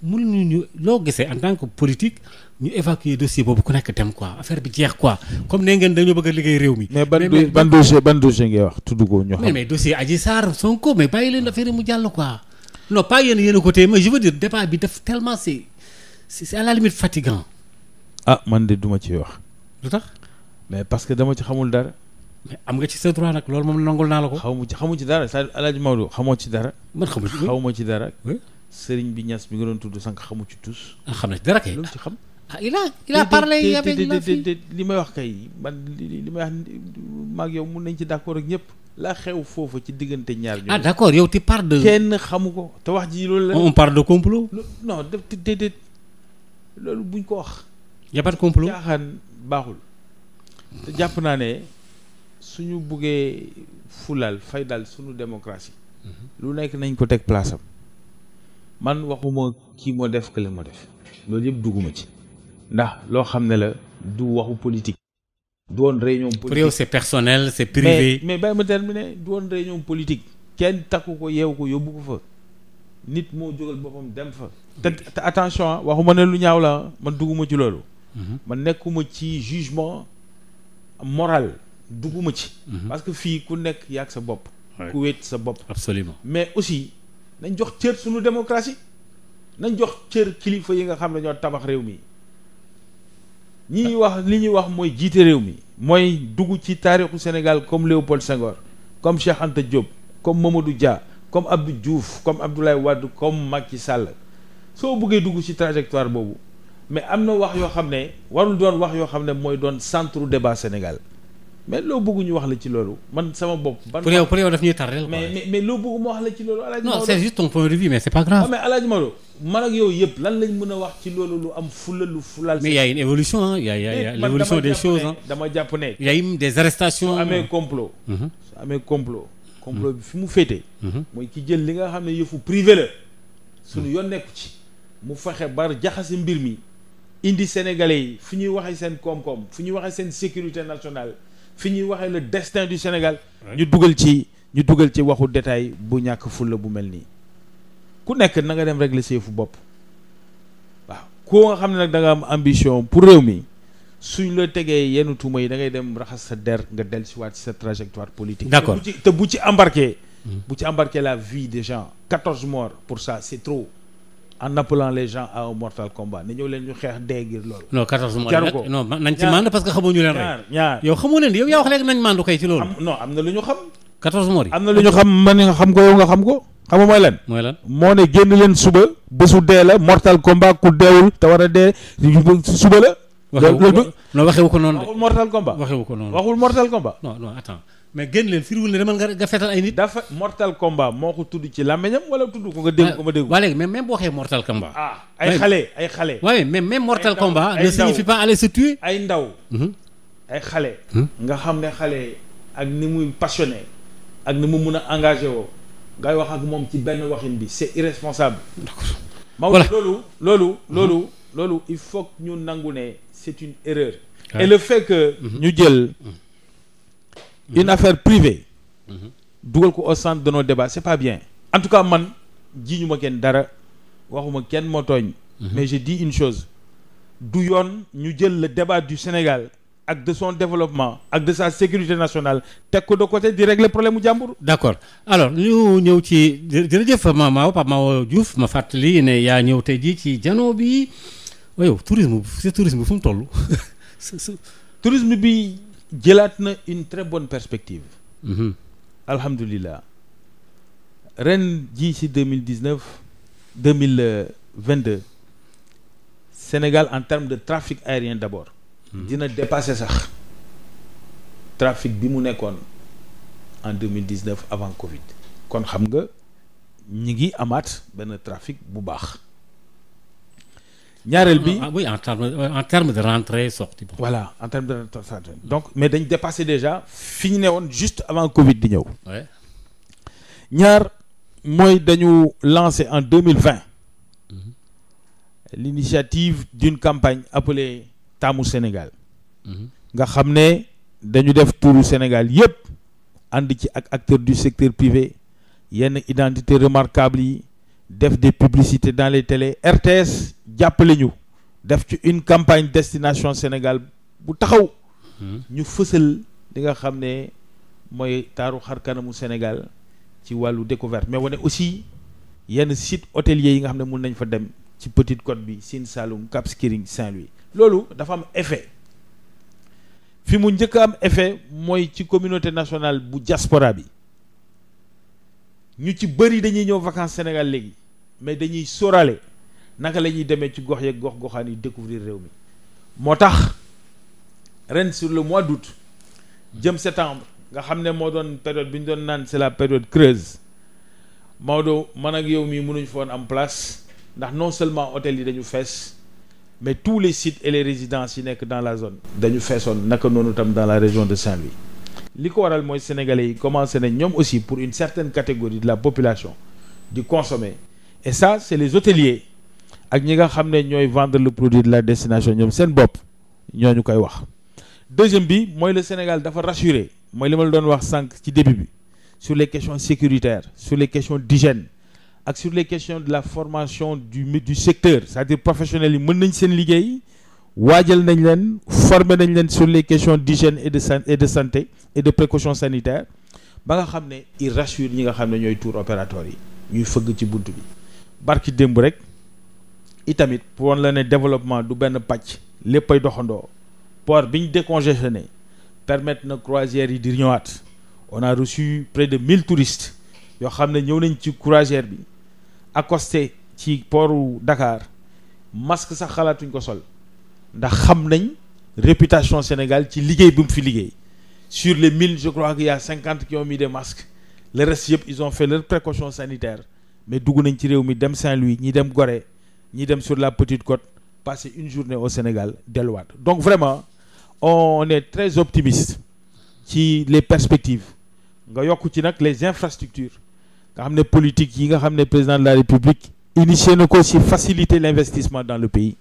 Speaker 1: mënuñu ñu loo gisee en tant que politique ñu évacuer dossier boobu ku nekk dem quoi affaire bi jeex quoi comme ne ngeen dañoo bëgg a liggéey réew mi. mais ban ban dossier ban
Speaker 2: dossier ngay wax tudd ko ñu xam.
Speaker 1: mais dossier Adji Sarr Sonko a
Speaker 2: ah man de duma ci wax.
Speaker 1: lu tax. mais parce que dama ci xamul dara. mais am nga ci sa
Speaker 2: droit nag loolu moom nangul naa la ko. xamu ci xamu ci dara c'est-à-dire El xamoo ci dara. man xamu ci xaw ma ci dara. sëriñ bi ñas bi nga
Speaker 1: doon tudd sànq xamu ci tous. ah xam na ci dara kay. loolu ci xam. ah il a il a parlé
Speaker 2: li may wax kay man li may wax maag yow mun nañ ci d'accord ak ñëpp. la xew foofu ci diggante ñaar ñoom. ah d'accord yow ti parles de. kenn xamu ko te wax ji loolu la. on parle de complot. non déedéet loolu buñ ko wax. y a pas de baaxul te jàpp naa ne suñu buggee fulal fay dal suñu démocratie lu nekk nañ ko teg place am man waxuma kii moo def kële moo def loolu yëpp dugguma ci ndax loo xam ne la du waxu politique du woon réunion politique pour yow c'est personnel c'est privé mais bàyyi ma ne du woon réunion politique kenn takku ko yeew ko yóbbu ko fa nit moo jógal boppam dem fa te attention ah, waxuma ne lu ñaaw la ah. man dugguma ci loolu Mhm. ma nekkuma ci jugement moral dugguma ci mhm. parce que fii ku nekk yaag sa bopp ku wéet sa bopp absolument mais aussi nañ jox cër suñu démocratie nañ jox cër kilifa yi nga xam ne ñoo tabax réew mi ñi ñuy ah. wax li ñuy wax mooy jiite réew mi mooy dugg ci taarixu Sénégal comme Léopold Senghor comme Cheikh Anta Diop comme Mamadou jaa comme Abdou juuf comme Abdoulaye Wade comme Macky sàll soo buggee dugg ci trajectoire boobu mais am na wax yoo xam ne warul doon wax yoo xam ne mooy doon centre débat Sénégal mais loo bëgg ñu wax la ci loolu man sama bopp. ban pour yow pour yow daf ñuy tardé. mais mais mais loo bëgg mu wax la ci loolu. Alaaji Maodo non c'est juste
Speaker 1: ton point de vue mais c'est
Speaker 2: pas grave. non mais Alaaji Maodo man ak yow yëpp lan lañ mën a wax ci loolu lu am fula lu fulal. mais y a une
Speaker 1: évolution ah y a y a y a l'évolution des choses ah.
Speaker 2: dama jàpp ne y a une des arrestations. su amee complot. Mm-hmm. su amee complot. complot bi fi mu féete. Mm-hmm. mooy ki jël li nga xam ne yëfu privé la. suñu yoon nekku ci mu fexe bar jaxase mbir mi. indi sénégalais yi fi ñuy waxee seen koom-koom fi ñuy waxee seen sécurité nationale fi ñuy waxee le destin du Sénégal. ñu dugal ci ñu dugal ci waxu détail bu ñàkk fulla bu mel nii. ku nekk na nga dem régler seefu bopp waa koo nga xam ne nag da nga am ambition pour réew mi suñ la tegee yenn tuuma yi da ngay dem raxas sa der nga dellusiwaat ci sa trajectoire politique. d'accord te bu ci embarqué. Hmm. bu ci embarqué la vie des gens quatorze morts pour ça c'est trop. en appelant les gens à un mortal combat ne ñëw leen ñu xeex dee ngir loolu. non 14 mois jaru ko non nañ ci mànd parce que xamuñu leen rek. ñaar yow
Speaker 1: xamoo leen yow yaa wax léegi nañ màndu kay ci loolu. non am na lu ñu xam. 14 mois am na lu ñu
Speaker 2: xam man nga xam ko nga xam ko. xam mooy lan. moo ne génn leen suba. bésu dee la mortal combat ku deewul te war a dee suba la.
Speaker 1: waxewu ko non waxewu ko noonu de. waxul mortal combat ko noonu. waxul mortal combat. non mais génn leen firiwul ne demal nga fetal ay nit. dafa mortal combat moo ko tudd ci làmmeñam wala tudd ko nga dégg ko ma dégg. waa léegi mais même boo waxee mortal ah, ay xale waaye mais même mortal combat. ne signifie
Speaker 2: pas aller ay ndaw. Mhm. ay xale. Hmm? nga xam ne xale ak ni muy passionné ak ni mu mun a engagé woo ngay wax ak moom ci benn waxin bi c'est irresponsable. voilà loolu loolu mhm. loolu. loolu il faut que ñu nangu ne c'est une erreur. et le fait que mhm. ñu jël. une affaire privée. dugal ko au centre de nos débats c'est pas bien. en tout cas man ñu ma kenn dara waxuma kenn moo tooñ. Mhm. mais je dis une chose. du yoon ñu jël le débat du Sénégal ak de son développement ak de sa sécurité nationale teg ko de
Speaker 1: côté di régler problème mu jàmbur. d'accord alors ñu ñëw ci jërëjëf Mamaw Pape Mahawa Diouf ma fàttali ne yaa ñëw tey jii ci jano bi waaye tourisme c'est tourisme bi fu mu toll. tourisme bi. jëlaat na une très bonne perspective
Speaker 2: mhm. alhamdulilah ren ji ci deux mille dix neuf deux mille vingt deux Sénégal en terme de trafic aérien d'abord mhm. dina dépasser sax trafic bi mu nekkoon en deux mille dix neuf avant Covid kon xam nga ñi ngi amaat benn trafic bu baax ñaareel bi ah, oui en terme euh, en terme de rentrée sortie. voilà en terme de rentrée donc mais dañ dépassé déjà fi ñu ne woon juste avant Covid di ñëw. ñaar mooy dañu lancé en deux mille vingt mm-hmm. l'initiative d'une campagne appelée Taamu Sénégal. Mm-hmm. nga xam ne dañu def tuuru Sénégal yépp ànd ci ak acteurs du secteur privé yenn identité remarquable yi. def de publicité dans les télé RTS jàppale ñu def ci une campagne destination Sénégal bu taxaw hmm. ñu fësal li nga xam ne mooy taaru xar kanamu Sénégal ci wàllu découverte mais wane aussi yenn site hôtelier yi nga xam ne mun nañ fa dem ci Petite Côte bi Sine Saloum Cap Skirring Saint-Louis loolu dafa am effet fi mu njëkk am effet mooy ci communauté nationale bu diaspora bi ñu ci bëri dañuy ñëw vacances Sénégal léegi mais dañuy sóoraale naka la ñuy demee ci gox yeeg gox goxaan yi découvrir réew mi moo tax ren sur le mois d'août jëm septembre nga xam ne moo doon période bi ñu doon naan c'est la période creuse Maodo man ak yow mii mënuñu foon am place ndax non seulement hôtel yi dañu fees mais tous les sites et les résidences yi nekk dans la zone dañu feesoon naka noonu tam dans la région de Saint-Louis li ko waral mooy sénégale yi commencé nañ ñoom aussi pour une certaine catégorie la population di consommer et ça c'est les hôteliers ak ñi nga xam ne ñooy vendre le produit de la destination ñoom seen bopp ñu koy wax deuxième bi mooy le Sénégal dafa rassuré mooy li ma la doon wax sànq ci début bi sur les questions sécuritaires sur les questions d'hygiène ak su les question de la formation du du secteur c'est-à-dire professionnels yi mën nañ seen liggéey waajal nañu leen former nañ leen su les questions d'hygiène et de et de santé et de précaution sanitaire ba nga xam ne il rassure ñi nga xam ne ñooy tour opérateur yi ñuy fëgg ci bunt barki démb rek itamit pour woon la ne développement du benn pàcc léppay doxandoo port bi ñu décongestionné permettre na croisière yi di ñëwaat on a reçu près de mille touristes yoo xam ne ñëw nañ ci croisière bi accosté ci portu Dakar masque sax xalaatuñ ko sol ndax xam nañ réputation Sénégal ci liggéey bi mu fi liggéey sur les mille je crois qu'il y a cinquante qui ont mis des le reste yëpp ils ont fait leur précaution sanitaire mais dugg nañ ci réew mi dem Saint-Louis ñi dem gore ñi dem sur la Petite Côte passer une journée au Sénégal delluwaat donc vraiment on est très optimiste ci les perspectives nga yokk ci nag les infrastructures nga xam ne politique yi nga xam ne président de la République initié na ko ci faciliter l'investissement dans le pays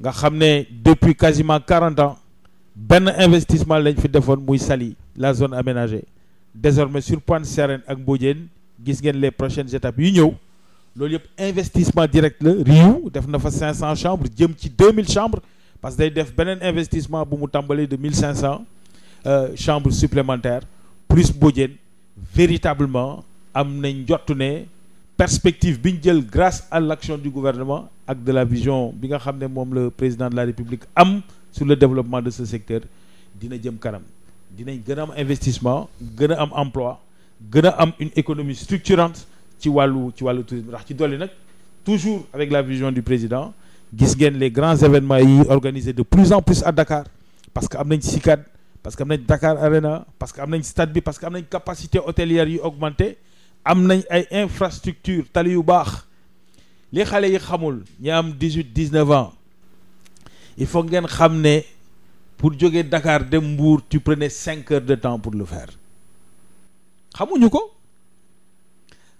Speaker 2: nga xam ne depuis quasiment quarante ans benn investissement lañ fi defoon muy sali la zone aménagée désormais sur Pointe Sarène ak Mbodiène gis ngeen lee prochaines étapes yu ñëw loolu yëpp investissement direct la Riu def na fa 500 chambre jëm ci 2000 chambres parce que day def beneen investissement bu mu tàmbalee de chambre euh, chambres supplémentaires plus Bodiène véritablement am nañ njottu ne perspective bi ñu jël grace à l'action du gouvernement ak de la vision bi nga xam ne moom la président de la République am sur le développement de ce secteur dina jëm kanam dinañ gën a am investissement gën a am emploi gën a am une économie structurante ci wàllu ci wàllu tourisme ndax ci dolli nag toujours avec la vision du président gis ngeen les grands événements yi organisés de plus en plus à Dakar parce que am nañ SICAD parce que am nañ Dakar Arena parce que am nañ stade bi parce que am nañ capacité hôtelière yu augmenté am nañu ay infrastructure tali yu baax li xale yi xamul ñi am dix-huit dix-neuf ans il faut ngeen xam ne pour jóge Dakar dem Mbour tu prenais cinq heures de temps pour le faire xamuñu ko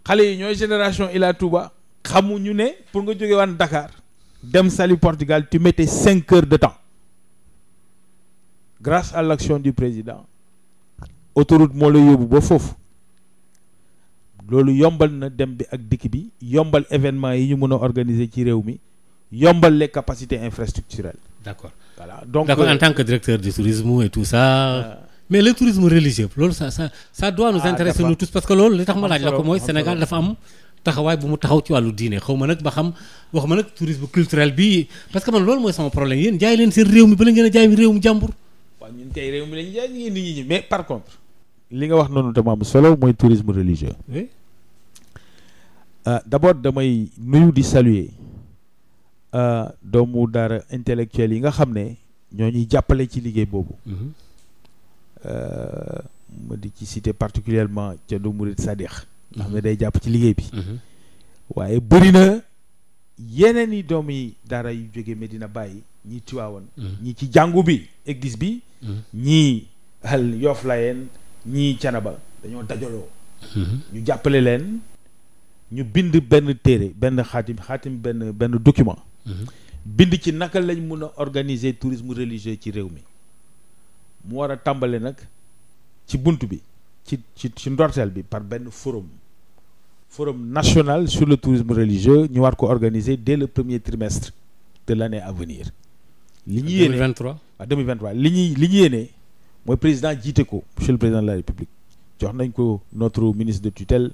Speaker 2: xale yi ñooy génération Ila Touba xamuñu ne pour nga jóge waan Dakar dem Saly Portugal tu mettais cinq heure de temps grâce à l'action du président autoroute moo la yóbbu ba foofu loolu yombal na dem bi ak dikk bi yombal événement yi ñu mën a organiser ci réew mi yombal les capacités infrastructurelles.
Speaker 1: d'accord voilà donc d'accord en euh, tant que directeur du tourisme et tout ça. mais le tourisme religieux loolu ça ça ça doit nous ah, intéresser nous tous parce que loolu li tax ma laaj la ko mooy Sénégal dafa am taxawaay bu mu taxaw ci wàllu diine xaw ma nag ba xam wax ma nag tourisme culturel bi parce que man loolu mooy sama problème yéen jaay leen seen réew mi bala ngeen a jaay réew
Speaker 2: réew mi lañu mais par contre li nga wax noonu dama am solo mooy tourisme religieux
Speaker 1: euh,
Speaker 2: d'abord damay nuyu di saluer euh, doomu daara intellectuel yi nga xam ne ñoo ñuy jàppale ci liggéey boobu mhm. Euh, ma di ci cité particulièrement ca du murid sadiq mhm. nga ne day jàpp ci liggéey bi mhm. waaye bëri na yeneen i doom yi daara yu jóge dina bàyyi ñi Tiwaawan mhm. ñii ci jàngu bi église bi ñii al Yoff Layeen ñii Canaba dañoo dajaloo ñu jàppale leen ñu bind benn téere benn xaatim xaatim benn benn document bind ci naka lañ mun a organiser tourisme religieux ci réew mi mu war a tàmbali nag ci bunt bi ci ci ci ndorteel bi par benn forum forum national sur le tourisme religieux ñu war ko organiser dès le premier trimestre de l'année à venir li ñu yéene 2023 waaw 2023 li ñuy li ñu yéene mooy président jiite ko monsieur le président de la république jox nañ ko notre ministre de tutelle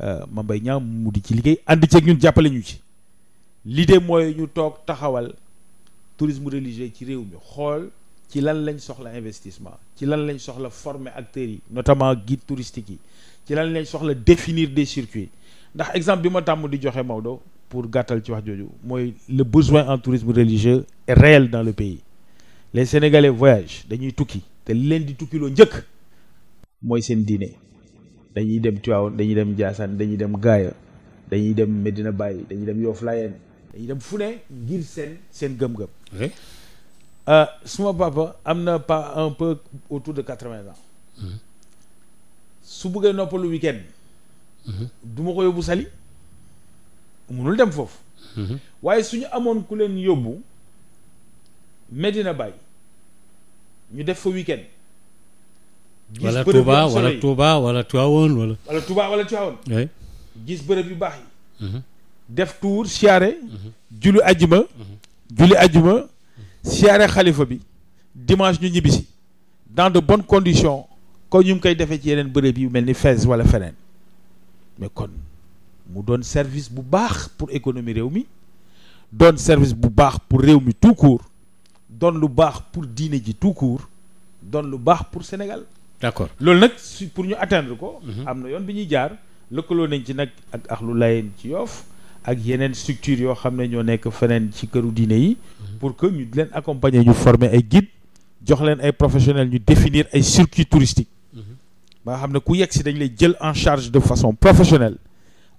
Speaker 2: euh, Mame Mbaye Niang mu di ci liggéey ànd ceeg ñun jàppale ñu ci l'idée mooy ñu toog taxawal tourisme religieux ci réew mi xool ci lan lañ soxla investissement ci lan lañ soxla former acteurs yi notamment guide touristique yi ci lan lañ soxla définir des circuits ndax exemple bi ma tàmm di joxe Maodo pour gàttal ci wax jooju mooy le besoin en tourisme religieux est réel dans le pays les sénégalais voyage dañuy tukki te li leen di tukkiloo njëkk mooy seen dine dañuy dem Tivaouane dañuy dem Ndiassane dañuy dem Gaaya dañuy dem Medina bàyyi dañuy dem Yoff Layeen dañuy dem fu ne ngir seen seen gëm Euh, suma papa am na pa un peu autour de quatre-vingts ans mhm. su bëggee noppalu week-end mhm. du ma ko yóbbu Saly munul dem foofu mhm. waaye suñu amoon ku leen yóbbu Medina Baye ñu def fa week-end
Speaker 1: wala Touba wala Touba
Speaker 2: wala Tivaouane gis bërëb yu baax yi def tour siyaare julli ajjuma julli ajjuma siyaare xalifa bi dimanche ñu ñibbisi dans de bonnes condition ko ñu ngi koy defee ci yeneen bërëb yu mel ni Fès wala feneen mais kon mu doon service bu baax pour économie réew mi doon service bu baax pour réew mi tout court doon lu baax pour diine ji tout court doon lu baax pour Sénégal. d'accord loolu nag pour ñu atteindre ko. Mhm. am na yoon bi ñuy jaar lëkkaloo nañ ci nag ak ak lu layeen ci yoof ak yeneen structure yoo xam ne ñoo nekk feneen ci këru diine yi mhm. pour que ñu di leen accompagner ñu former ay guide jox leen ay professionnels ñu définir ay circuit touristique mhm. ba xam ne ku yegg si dañ lay jël en charge de façon professionnelle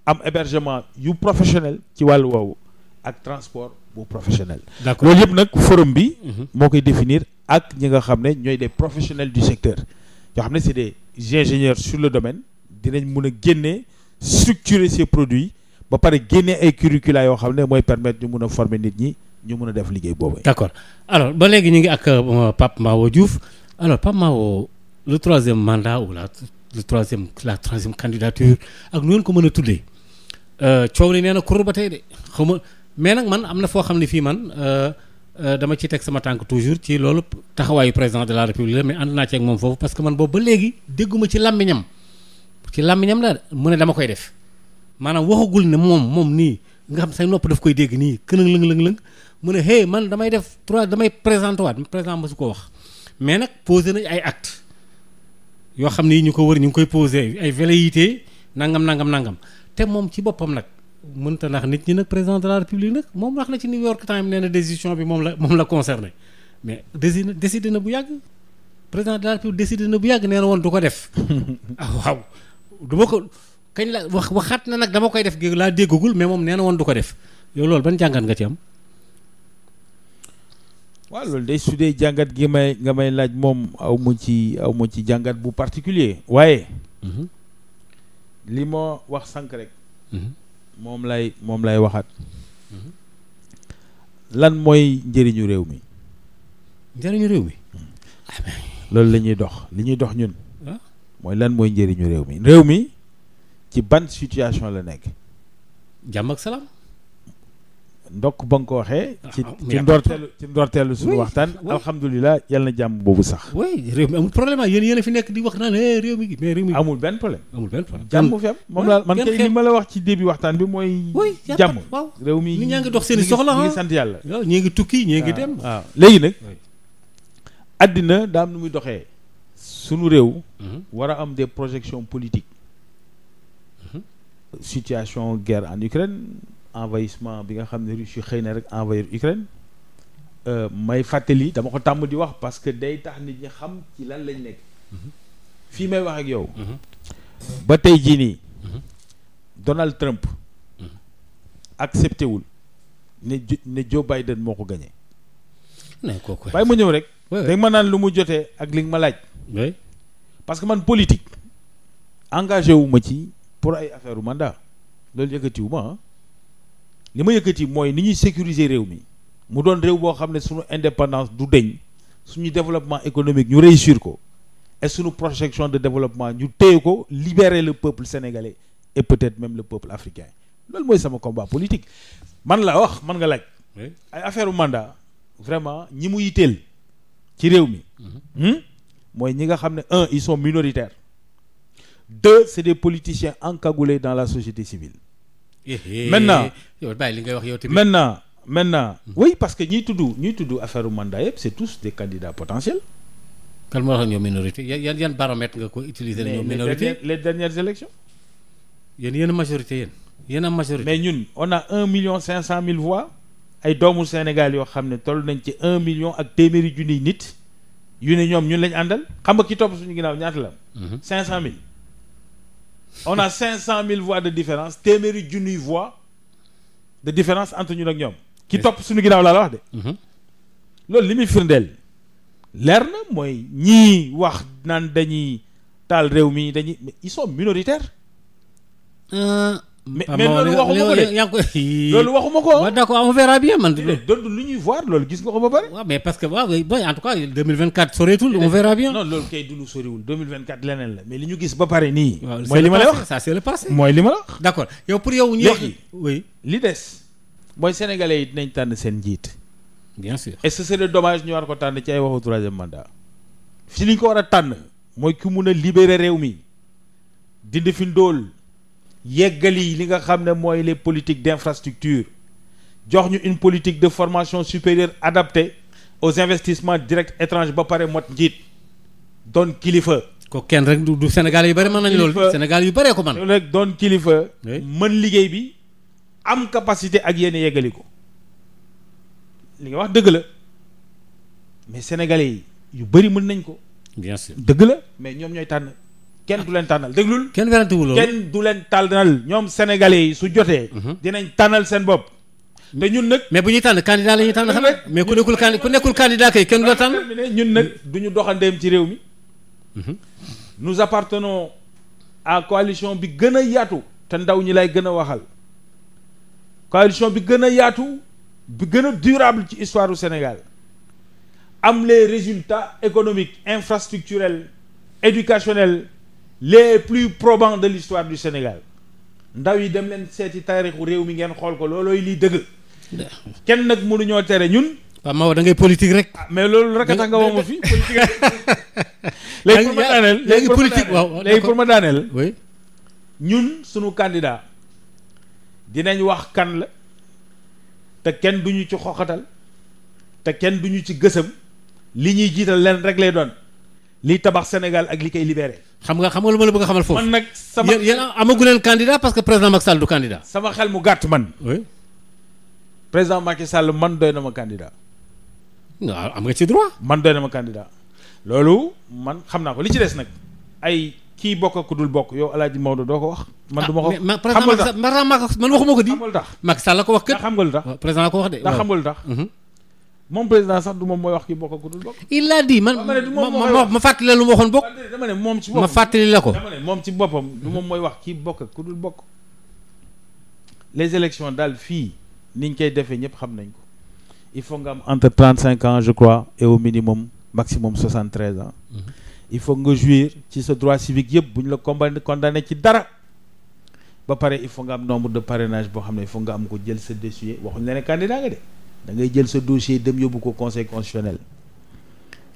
Speaker 2: am hébergement yu professionnel ci wàllu woowu ak transport bu professionnel loolu yëpp nag forum bi mhm. moo koy définir ak ñi nga xam ne ñooy des professionnels du secteur yoo xam ne c'est des ingénieurs sur le domaine dinañ mun a génne structurer ces produits ba pare génne ay curricula yoo xam ne mooy permettre ñu mun a former nit ñi ñu mun a def liggéey boobu.
Speaker 1: d'accord alors ba léegi ñu ngi ak euh, Pape Mahawa Diouf alors Pape Mahawa le troisième mandat ou la troisième la troisième candidature ak nu ko mën a tuddee euh, coow li nee na kuréel ba tey de xaw ma mais nag man am na foo xam ne fii man. Euh, dama ci teg sama tànk toujours ci loolu taxawaayu président de la république la mais ànd naa ci ak moom foofu parce que man boobu ba ci làmmiñam ci làmmiñam la mu ne dama koy def maanaam waxagul ne moom moom nii nga xam say nopp daf koy dégg nii kënëng lëng lëng lëng mu ne hey man damay def trois damay présenté waat président ma su ko wax mais nag posé nañ ay acte yoo xam ne ñu ko war ñu ngi koy posé ay velléité nangam nangam nangam te moom ci boppam nag mënta ndax nit ñi nag président de la république nag moom wax na ci New York Times nee na décision bi moom la moom la concerné mais décidé décidé na bu yàgg président de la république décidé na bu yàgg nee na woon du ko def ah, ma kañ la wax waxaat na nag dama koy def gi laa déggagul mais moom nee na woon du ko def yow loolu ban jàngat nga ci am. waaw loolu
Speaker 2: day su dee jàngat gi may nga may laaj moom aw ma ci aw ma jàngat bu particulier waaye. Mhm. li ma wax sànq rek. Mhm. moom lay moom lay waxaat. Mhm. lan mooy njëriñu réew mi. njëriñu réew mi. Hmm. loolu la dox li ñuy dox ñun. Ah. mooy lan mooy njëriñu réew mi réew mi. ci ban situation la nekk. jàmm ak salaam. ndokk ba nga ko waxee. Ah, ci ah, ci ndorteelu ci ndorteelu suñu waxtaan. alhamdulilah yal na jàmm boobu sax. oui réew mi amul yéen fi nekk di wax naan eh, réew mi mais réew mi. amul benn problème amul benn jàmm fi am moom laa man kay li ma la wax ci début waxtaan bi mooy. jàmm réew mi. nit ñaa ngi dox seen i soxla ah ngi sant yàlla. waaw ñii ngi tukki ñii ngi ah, dem. waaw léegi nag. addina daam nu muy doxee. sunu réew. Mhm. war a am des projections politique situation guerre en Ukraine envahissement bi nga xam ne Russie xëy na rek envahir Ukraine euh, may fàttali dama ko tàmm di wax parce que day tax nit ñi xam ci lan lañ nekk mhm. fii may wax ak yow mhm. ba tey jii nii mhm. Donald Trump accepté wul ne ne Joe Biden moo ko gagné bàyyi ma ñëw rek dag ma naan lu mu jotee ak li ma laaj parce que man politique engagé wu ci pour ay affaire mandat loolu yëkkatiwu ma ah. li ma yëkkati mooy ni ñuy sécuriser réew mi mu doon réew boo xam ne suñu indépendance du deñ suñu développement économique ñu réussir ko et suñu projection de développement ñu téye ko libérer le peuple sénégalais et peut-être même le peuple africain loolu mooy sama combat politique man la wax man nga laaj ay affaire mandat vraiment ñi mu yitteel ci réew mi mhm. hmm, mooy ñi nga xam ne un ils sont minoritaires deux c'est des politiciens encagoulés dans la société civile.
Speaker 1: Eh, eh, maintenant yow bàyyi li ngay wax yow tamit. maintenant
Speaker 2: maintenant. Hmm. oui parce que ñiy tuddu ñiy tudd affaire mandat yëpp c'est
Speaker 1: tous des candidats potentiels. kan moo tax ñoom minorité yan yan baromètre nga ko utiliser. ñoom minorité les dernières élections yéen yéen majorité yéen. yéen a majorité mais ñun on
Speaker 2: a un million cinq cent mille voix ay doomu Sénégal yoo xam ne toll nañ ci un million ak téeméeri junniy nit yu ne ñoom ñun lañ àndal xam nga ki topp suñu ginnaaw ñaata la. Mhm. cinq cent mille. on a cinq cent mille voix de différence téeméeri junniy voix de différence entre ñun ak ñoom ki topp suñu ginnaaw laa la wax de mhm. loolu li muy firndeel leer na mooy ñii wax naan dañuy taal réew mi dañuy ils sont minoritaires
Speaker 1: euh, mais ah, mais loolu waxuma ko de yaa ko loolu waxuma ko. waaw d'accord on verra bien man. Eh, eh, donc lu ñuy voir loolu gis nga ko ba pare. waaw mais parce que waaw boy en tout cas 2024 soreetul on verra bien. non loolu kay du soriwul leneen la mais li ñu gis ba pare nii. mooy li ma la wax d'accord yow pour yow. ñu léegi li
Speaker 2: des. mooy sénégalais yi dinañ tànn seen njiit. bien sûr et ce serait ñu war ko tànn ci ay waxu troisième mandat. si li ñu ko war a tànn mooy ki mun a libérer réew mi dindi fi ndóol. yeggali li nga xam ne mooy les politiques d'infrastructure jox ñu une politique de formation supérieure adapté aux investissements directs étrangers ba pare mot njiit doon kilifa. ko kenn rek du Sénégal yu bari man nañ loolu Sénégal yu baree ko man rek doon kilifa. mën liggéey bi am capacité ak yéen yeggali ko li nga wax dëgg la mais sénégalais yi yu bari mën nañ ko.
Speaker 1: bien dëgg
Speaker 2: la mais ñoom ñooy tànn. kenn du leen tànnal déglul. kenn werantewul kenn du leen tànnal ñoom sénégalais yi su jotee. Mhm. dinañ tànnal
Speaker 1: seen bopp. te ñun nag. mais bu ñuy tànn candidat la ñuy tànn xam mais ku nekkul ku nekkul candidat kay kenn du la tànn. ñun nag du ñu doxandeem ci réew mi. Mhm. nous appartenons
Speaker 2: à coalition bi gën a yaatu. te ndaw ñi lay gën a waxal. coalition bi gën a yaatu. bi gën a durable ci histoire du Sénégal. am les résultats économiques infrastructurels éducationnels. les plus probants de l'histoire du Sénégal ndaw yi dem leen seeti taarixu réew mi ngeen xool ko loolooy liy dëgg kenn nag mënuñoo tere ñun waaw Maodo da ngay politique rek ah, mais loolu rek a tax nga woo ma fi
Speaker 1: politique léegi pour ma daaneel léegi politique waaw léegi pour ma daaneel
Speaker 2: oui ñun suñu candidat dinañ wax kan la te kenn duñu ci xoxatal te kenn duñu ci gësam
Speaker 1: li ñuy jiital leen rek lay doon liy tabax Sénégal ak li koy libéré xam nga xam nga lu ma la bëgg a xamal foofu. man nag sama yéen amagu leen candidat parce que président Macky Sall du candidat. sama xel mu gàtt man. oui.
Speaker 2: président Macky Sall man doy na ma candidat. waaw am nga ci droit. man doy na ma candidat. loolu man xam naa ko li ci des nag ay kii bokk ak ku dul bokk yow El Hadj doo ko wax. man du ma ko xam nga lu tax président Macky man waxuma ko di.
Speaker 1: la ko wax kët. xam nga lu président la ko wax de. ndax xam nga lu tax. Mhm.
Speaker 2: moom président sax du moom mooy wax ki bokk ak ku dul bokk.
Speaker 1: il l'a dit man ma ma ma fàttali la lu ma waxoon bokk. moom ci ma fàttali la ko. dama
Speaker 2: moom ci boppam du moom mooy wax ki bokk ak ku dul bokk. les élections daal fii niñ ñu koy defee ñëpp xam nañ ko il faut nga am entre trente cinq ans je crois et au minimum maximum soixante treize ans. Mhm. il faut nga jouir ci sa droit civique yëpp bu ñu la combattre condamné ci dara. ba pare il faut nga am nombre de parrainage boo xam ne il faut nga am ko jël sa dossier waxuñ la ne candidat nga da ngay jël sa dossier dem yóbbu ko conseil constitutionnel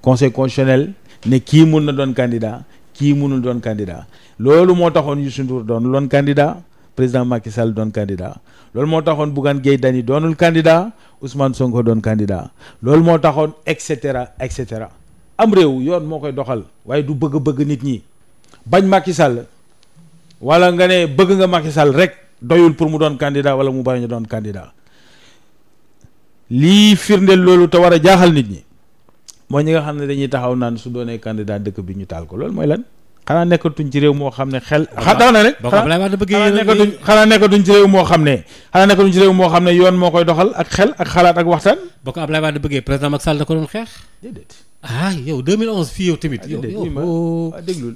Speaker 2: conseil constitutionnel ne kii mun na doon candidat kii munul doon candidat loolu moo taxoon Youssou Ndour doonul doon président Macky Sall doon candidat loolu moo taxoon Bougane Gueye dani doonul candidat Ousmane Sonko doon candidat loolu moo taxoon et cetera et cetera am réew yoon moo koy doxal waaye du bëgg-bëgg nit ñi bañ Macky Sall wala nga ne bëgg nga Macky Sall rek doyul pour mu doon candidat wala mu bañ a doon candidat lii firndeel loolu te war a jaaxal nit ñi moo ñi nga xam ne dañuy taxaw naan su doonee candidat dëkk bi ñu taal ko loolu mooy lan xanaa nekkatuñ ci réew moo xam ne xel xanaa na rek nekkatuñ xanaa nekkatuñ ci réew moo xam ne xanaa nekkatuñ ci
Speaker 1: moo xam ne yoon moo koy doxal ak xel ak xalaat ak waxtaan boo ko Ablaye Wade bëggee président Macky Sall da ko doon xeex déedéet ah yow 2011 fii yow tamit ah, yow oh. ah, déglul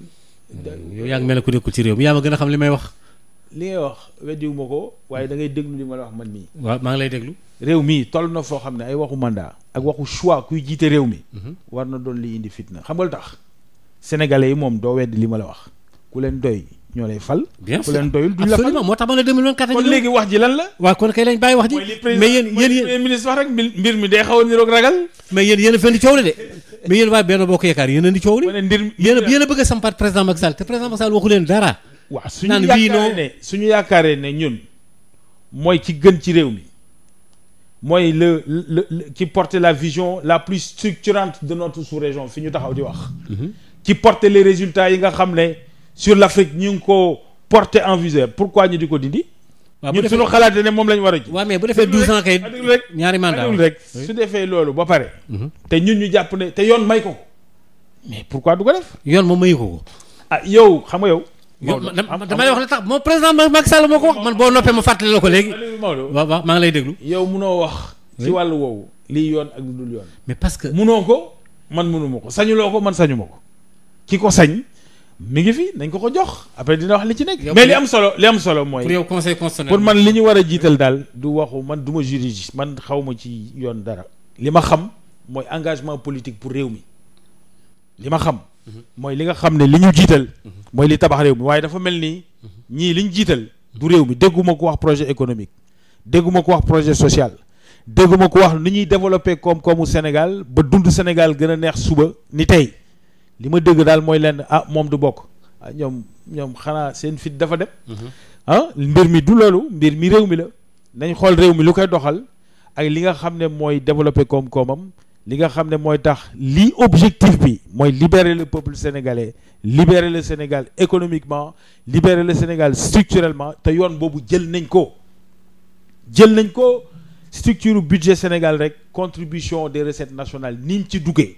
Speaker 1: yow yaa ngi mel ne ku nekkul ci réew mi yaa ma gën a xam li may wax
Speaker 2: li ngay wax weddiwu ma ko waaye da ngay déglu li ma la wax man nii. waaw maa ngi lay déglu. réew mi toll na foo xam ne ay waxu mandat ak waxu choix kuy jiite réew mi. Mhm. war na doon li indi fitna xam nga lu tax. sénégalais yi moom doo weddi li ma la wax ku leen doy ñoo lay fal. bien sûr
Speaker 1: moo tax ma a niroog ragal. mais yéen yéen a fenn coow la de. mais a a bëgg a sampaat président Macky te président Macky waxu leen dara waaw suñu yaakaaree ne suñu yaakaaree ne ñun mooy ki gën
Speaker 2: ci réew mi mooy le le qui porte la vision la plus structurante de notre sous-région fi ñu taxaw di wax qui mhm. porte les résultat yi nga xam ne sur l'Afrique ñu ngi ko porté en viseur pourquoi ñu di ko dindi ñun suñu xalaatee ne moom la ñu war a ji waaw mais bu defee douze ans kay rek ñaari mandat rek su defee loolu ba pare mhm. te ñun ñu jàpp ne te yoon may ko mais pourquoi du ko def yoon ma mayu ko ko ah yow xam nga yow
Speaker 1: Maodo dama lay wax la tax moom président Macky Sall moo ko wax man boo noppee ma fàttali la ko léegi. Maodo waaw waaw maa ngi lay déglu. yow munoo wax. ci wàllu woowu lii yoon ak lu dul yoon. mais parce que munoo ko
Speaker 2: man munuma ko sañuloo ko man sañu ma ko. ki ko sañ mu ngi fi nañ ko ko jox après dina wax li ci nekk. mais li am solo li am solo mooy. pour yow conseil man li ñu war a jiital daal du waxu man duma ma man xaw ma ci yoon dara. li ma xam mooy engagement politique pour réew mi li ma xam. Mhm. li nga xam ne li jiital. Mhm. mooy li tabax réew mi waaye dafa mel ni ñii liñ jiital du réew mi dégguma ko wax projet économique dégguma ko wax projet social dégguma ko wax ni ñuy développé koom-koomu Sénégal ba dund Sénégal gën a neex suba ni tey li ma dëgg daal mooy lenn ah moom du bokk ah, ñoom ñoom xanaa seen fit dafa dem mm-hmm. ah mbir mi du loolu mbir mi réew mi la nañ xool réew mi lu koy doxal ak li nga xam ne mooy développé koom-koomam li nga xam ne mooy tax lii objectif bi mooy libérer le peuple sénégalais libérer le Sénégal économiquement libérer le Sénégal structurellement te yoon boobu jël nañ ko jël nañ ko structure budget Sénégal rek contribution des recettes nationales ni ci duggee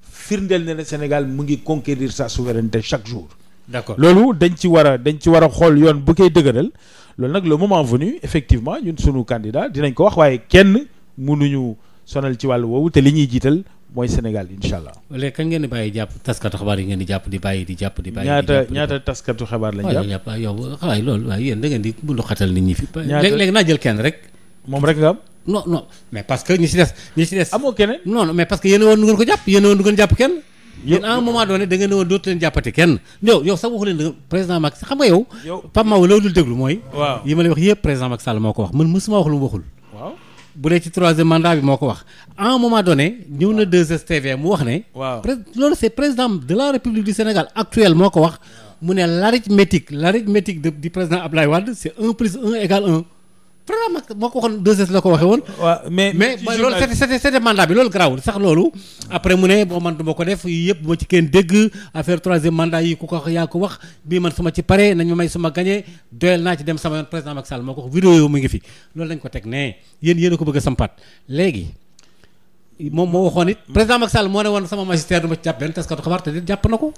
Speaker 2: firndeel na ne Sénégal mu ngi conquérir sa souveraineté chaque jour.
Speaker 1: d'accord loolu
Speaker 2: dañ ci war dañ ci war a xool yoon bu koy dëgëral loolu nag le moment venu effectivement ñun sunu candidat dinañ ko wax waaye kenn mënuñu. sonal ci wàllu woowu te li ñuy jiital mooy Sénégal
Speaker 1: incha allah. léegi kañ ngeen di bàyyi jàpp taskatu xabaar yi ngeen di jàpp di bàyyi di jàpp di. bàyyi ñaata ñaata taskatu xabaar lañ jàpp yow moom a woon du ngeen ko a woon dootu leen jàppate kenn yow yow sax waxu leen président Macky xam nga yow. yow loolu dul déglu mooy. waaw ma lay wax yëpp président Macky Sall moo ko wax man mësuma wax lu mu waxul bu dee ci troisième mandat bi moo ko wax à un moment donné. ñëw na 2STV mu wax ne. waaw loolu c'est président de la République du Sénégal actuel moo ko wax. mu ne l'arithmétique l'arithmétique du président Abdoulaye Wade c'est un plus un égale un. programme moo ko waxoon 2S waxee woon. waaw mais mais loolu c'était c'était mandat bi loolu garaawul sax loolu. après mu ne ko def yëpp moo ci kenn dégg affaire troisième mandat yi ku yaa ko wax bii man may suma gagné naa ci dem sama yoon président Macky Sall moo ko wax vidéo ko teg ne yéen yéen a ko bëgg a moom moo waxoon it président Macky Sall moo ne woon sama magistère du ma ci jàpp benn taskatu xabaar te na ko.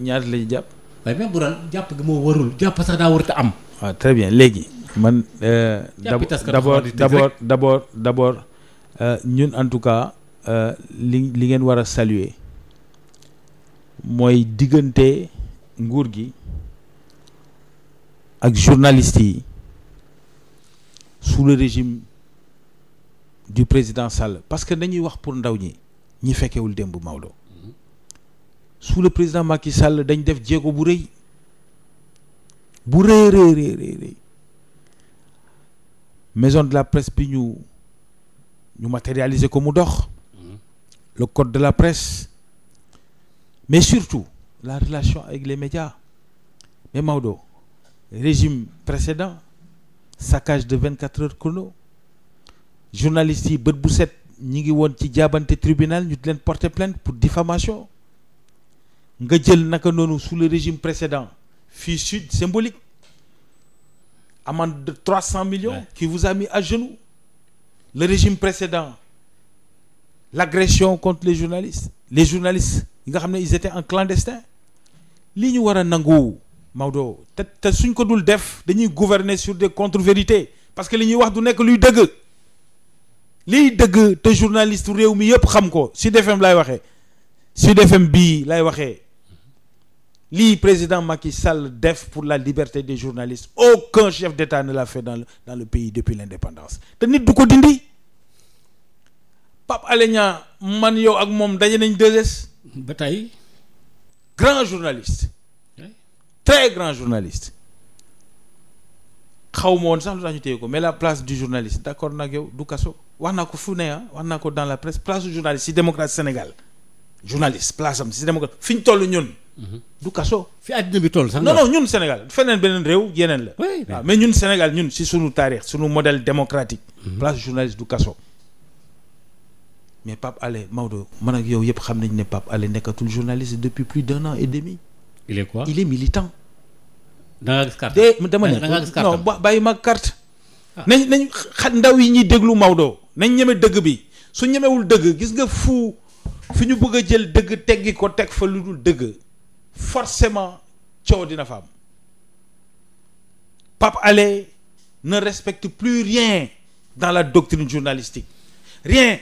Speaker 1: ñaar lañu jàpp. waaye même bu doon jàpp gi moo warul jàpp sax daa warut a am. waaw
Speaker 2: très bien léegi. man euh, d'abord d'abord d'abord d'abord euh, ñun en tout cas euh, li li ngeen war a saluer mooy diggante nguur gi ak journalistes yi sous le régime du président Sall parce que dañuy wax pour ndaw ñi ñi fekkewul démb Maodo sous le président Macky Sall dañ def jéego bu rëy bu rëy maison de la presse bi ñu ñu matérialiser ko mu dox mm-hmm. le code de la presse mais surtout la relation avec les médias mais Maodo régime précédent saccage de vingt quatre heures chrono journalistes yi bët bu set ñi ngi woon ci jaabante tribunal ñu di leen porter plainte pour diffamation nga jël naka noonu sous le régime précédent fii sud symbolique amende de trois cent millions ouais. qui vous a mis à genoux le régime précédent l'agression contre les journalistes les journalistes nga xam ne ils étaient en clandestin li ñu war a nangu Maodo te te suñ ko dul def dañuy gouverner sur des contre-vérités parce que li ñuy wax du nekk luy dëgg liy dëgg te journaliste réew mi yëpp xam ko Sud FM laay waxe Sud FM bii laay waxee lii président Macky Sall def pour la liberté des journalistes aucun chef d'État ne l'a fait dans le dans le pays depuis l'indépendance
Speaker 1: te nit du ko dindi
Speaker 2: Pape Alé man yow ak moom daje nañ 2S. ba tey. grand journaliste. très grand journaliste. xaw ma woon sax lu tax ñu la place du journaliste d'accord nag yow du kaso wax naa ko fu ne ah wax ko dans la presse place du journaliste ci démocratie Sénégal journaliste place am ci démocratie fi ñu toll ñun. du kaso. fi àddina bi toll sax. non non ñun Sénégal feneen beneen réew yeneen la. waaw ah, mais ñun Sénégal ñun si sunu taarix suñu modèle démocratique. Mhm. place journaliste du kaso. mais Pape Alé Maodo man ak yow yëpp xam nañ ne Pape Alé nekkatul journaliste depuis plus d'un an et demi. il est quoi il est militant. da nga gis carte de dama bàyyi ma carte. Ah. nañ nañ xa ndaw yi ñuy déglu Maodo nañ ñeme dëgg bi su ñemewul dëgg gis nga fu fi ñu bëgg a jël dëgg tegg ko teg fa lu dul dëgg forcément coow dina fa am Pape Alé ne respecte plus rien dans la doctrine journalistique
Speaker 1: rien.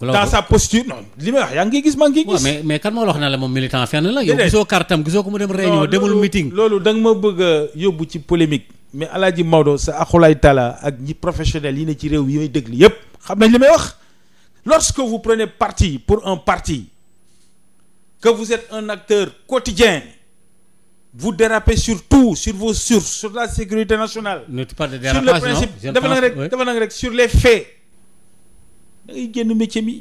Speaker 1: dans sa posture non li may wax yaa ngi gis ma ngi gis. mais mais kan moo la wax na la moom militant fenn la. yow gisoo kartam gisoo ko mu dem réunion demul meeting.
Speaker 2: loolu da nga ma bëgg a yóbbu ci polémique. mais El Hadj Maodo sa axulaay tala ak ñi professionnels yi ne ci réew yi may déglu yépp xam nañ li may wax. lorsque vous prenez parti pour un parti que vous êtes un acteur quotidien vous dérapez sur tout sur vos sources sur la sécurité nationale. ne pas
Speaker 1: de dérapage sur le principe dafa na rek
Speaker 2: dafa na rek sur les faits. da génn métier mi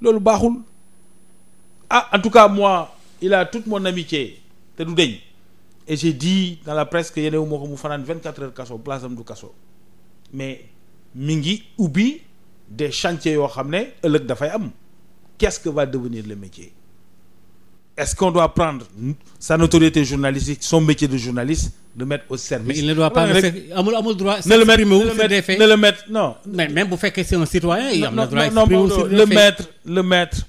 Speaker 2: loolu baaxul ah en tout cas moi il a toute mon amitié te du deñ et j'ai dit dans la presse que yenewu moo ko mu fanaan vingt quatre heures kaso place am du kaso mais mi ngi ubbi des chantiers yoo xam ne ëllëg dafay am. qu'est-ce que va devenir le métier est-ce qu'on doit prendre sa notoriété journalistique son métier de journaliste le mettre au service. ne
Speaker 1: le mettre bu fekkee c'est un citoyen. il le mettre
Speaker 2: le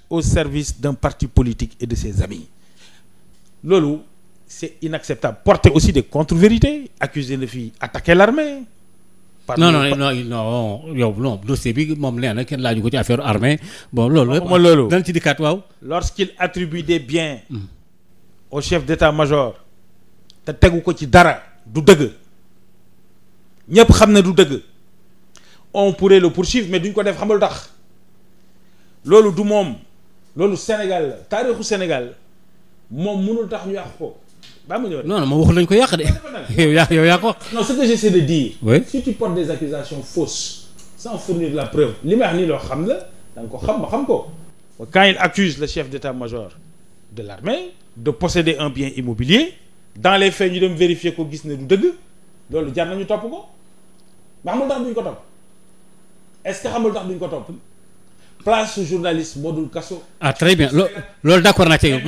Speaker 2: au service d'un parti politique et de ses amis. loolu
Speaker 1: c'est inacceptable porter aussi des contre-vérités accuser le fii attaquer l'armée non non non non yow non dossier bi moom nee na kenn laaju ko ci affaire armée bon loolu lépp loolu dañ ci dikkaat waaw lorsqu'il attribue des biens hmm. au chef
Speaker 2: d'état-major te tegu ko ci dara du dëgg ñépp xam ne du dëgg on pourrait le poursuivre mais duñ ko def xamal tax loolu du moom loolu Sénégal la taarixu Sénégal moom mënul tax ñu yàq ko ba ma ñëw
Speaker 1: non non ma wax ko yàq de. yow yaa yow yaa ko wax. non ce que j'essaie de dire. si
Speaker 2: tu portes des accusations fausses sans fournir la preuve li ma wax nii loo xam la da nga ko xam ma xam ko. quand il accuse le chef d'état-major de l'armée de posséder un bien immobilier dans les faits ñu dem vérifier ko gis ne du dëgg loolu jar nañu topp ko ma xamul tax duñ ko topp est-ce que xamul tax duñ ko topp. place journaliste moo dul kaso.
Speaker 1: ah très bien loolu loolu d'accord naa ci yow.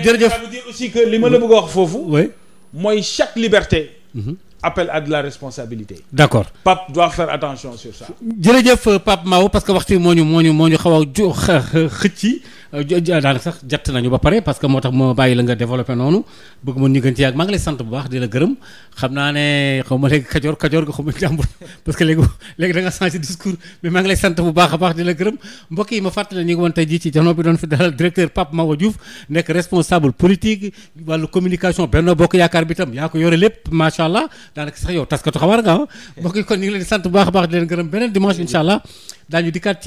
Speaker 2: aussi que li ma la wax foofu. oui. mooy chaque liberté. Mhm. appel à de la responsabilité. d'accord Pape doit faire attention sur ça.
Speaker 1: jërëjëf Pape Mao parce que waxtu moo ñu moo ñu moo ñu xaw a xëcc. daanaka sax jàtt nañu ba pare parce que moo tax ma bàyyi la nga développé noonu bëgg ma léegi nga nga changé sant bu baax di la gërëm mbokk yi ma fàttali ñu ngi woon tey jii ci janoo bi doon fi dalal directeur Pape Mawa nekk responsable politique wàllu communication Benno Bokk Yaakaar bi tam yaa ko yore lépp macha allah daanaka sax yow taskatu xabaar nga ah kon ñu leen sant bu baax baax di leen gërëm beneen dimanche incha allah daañu dikkaat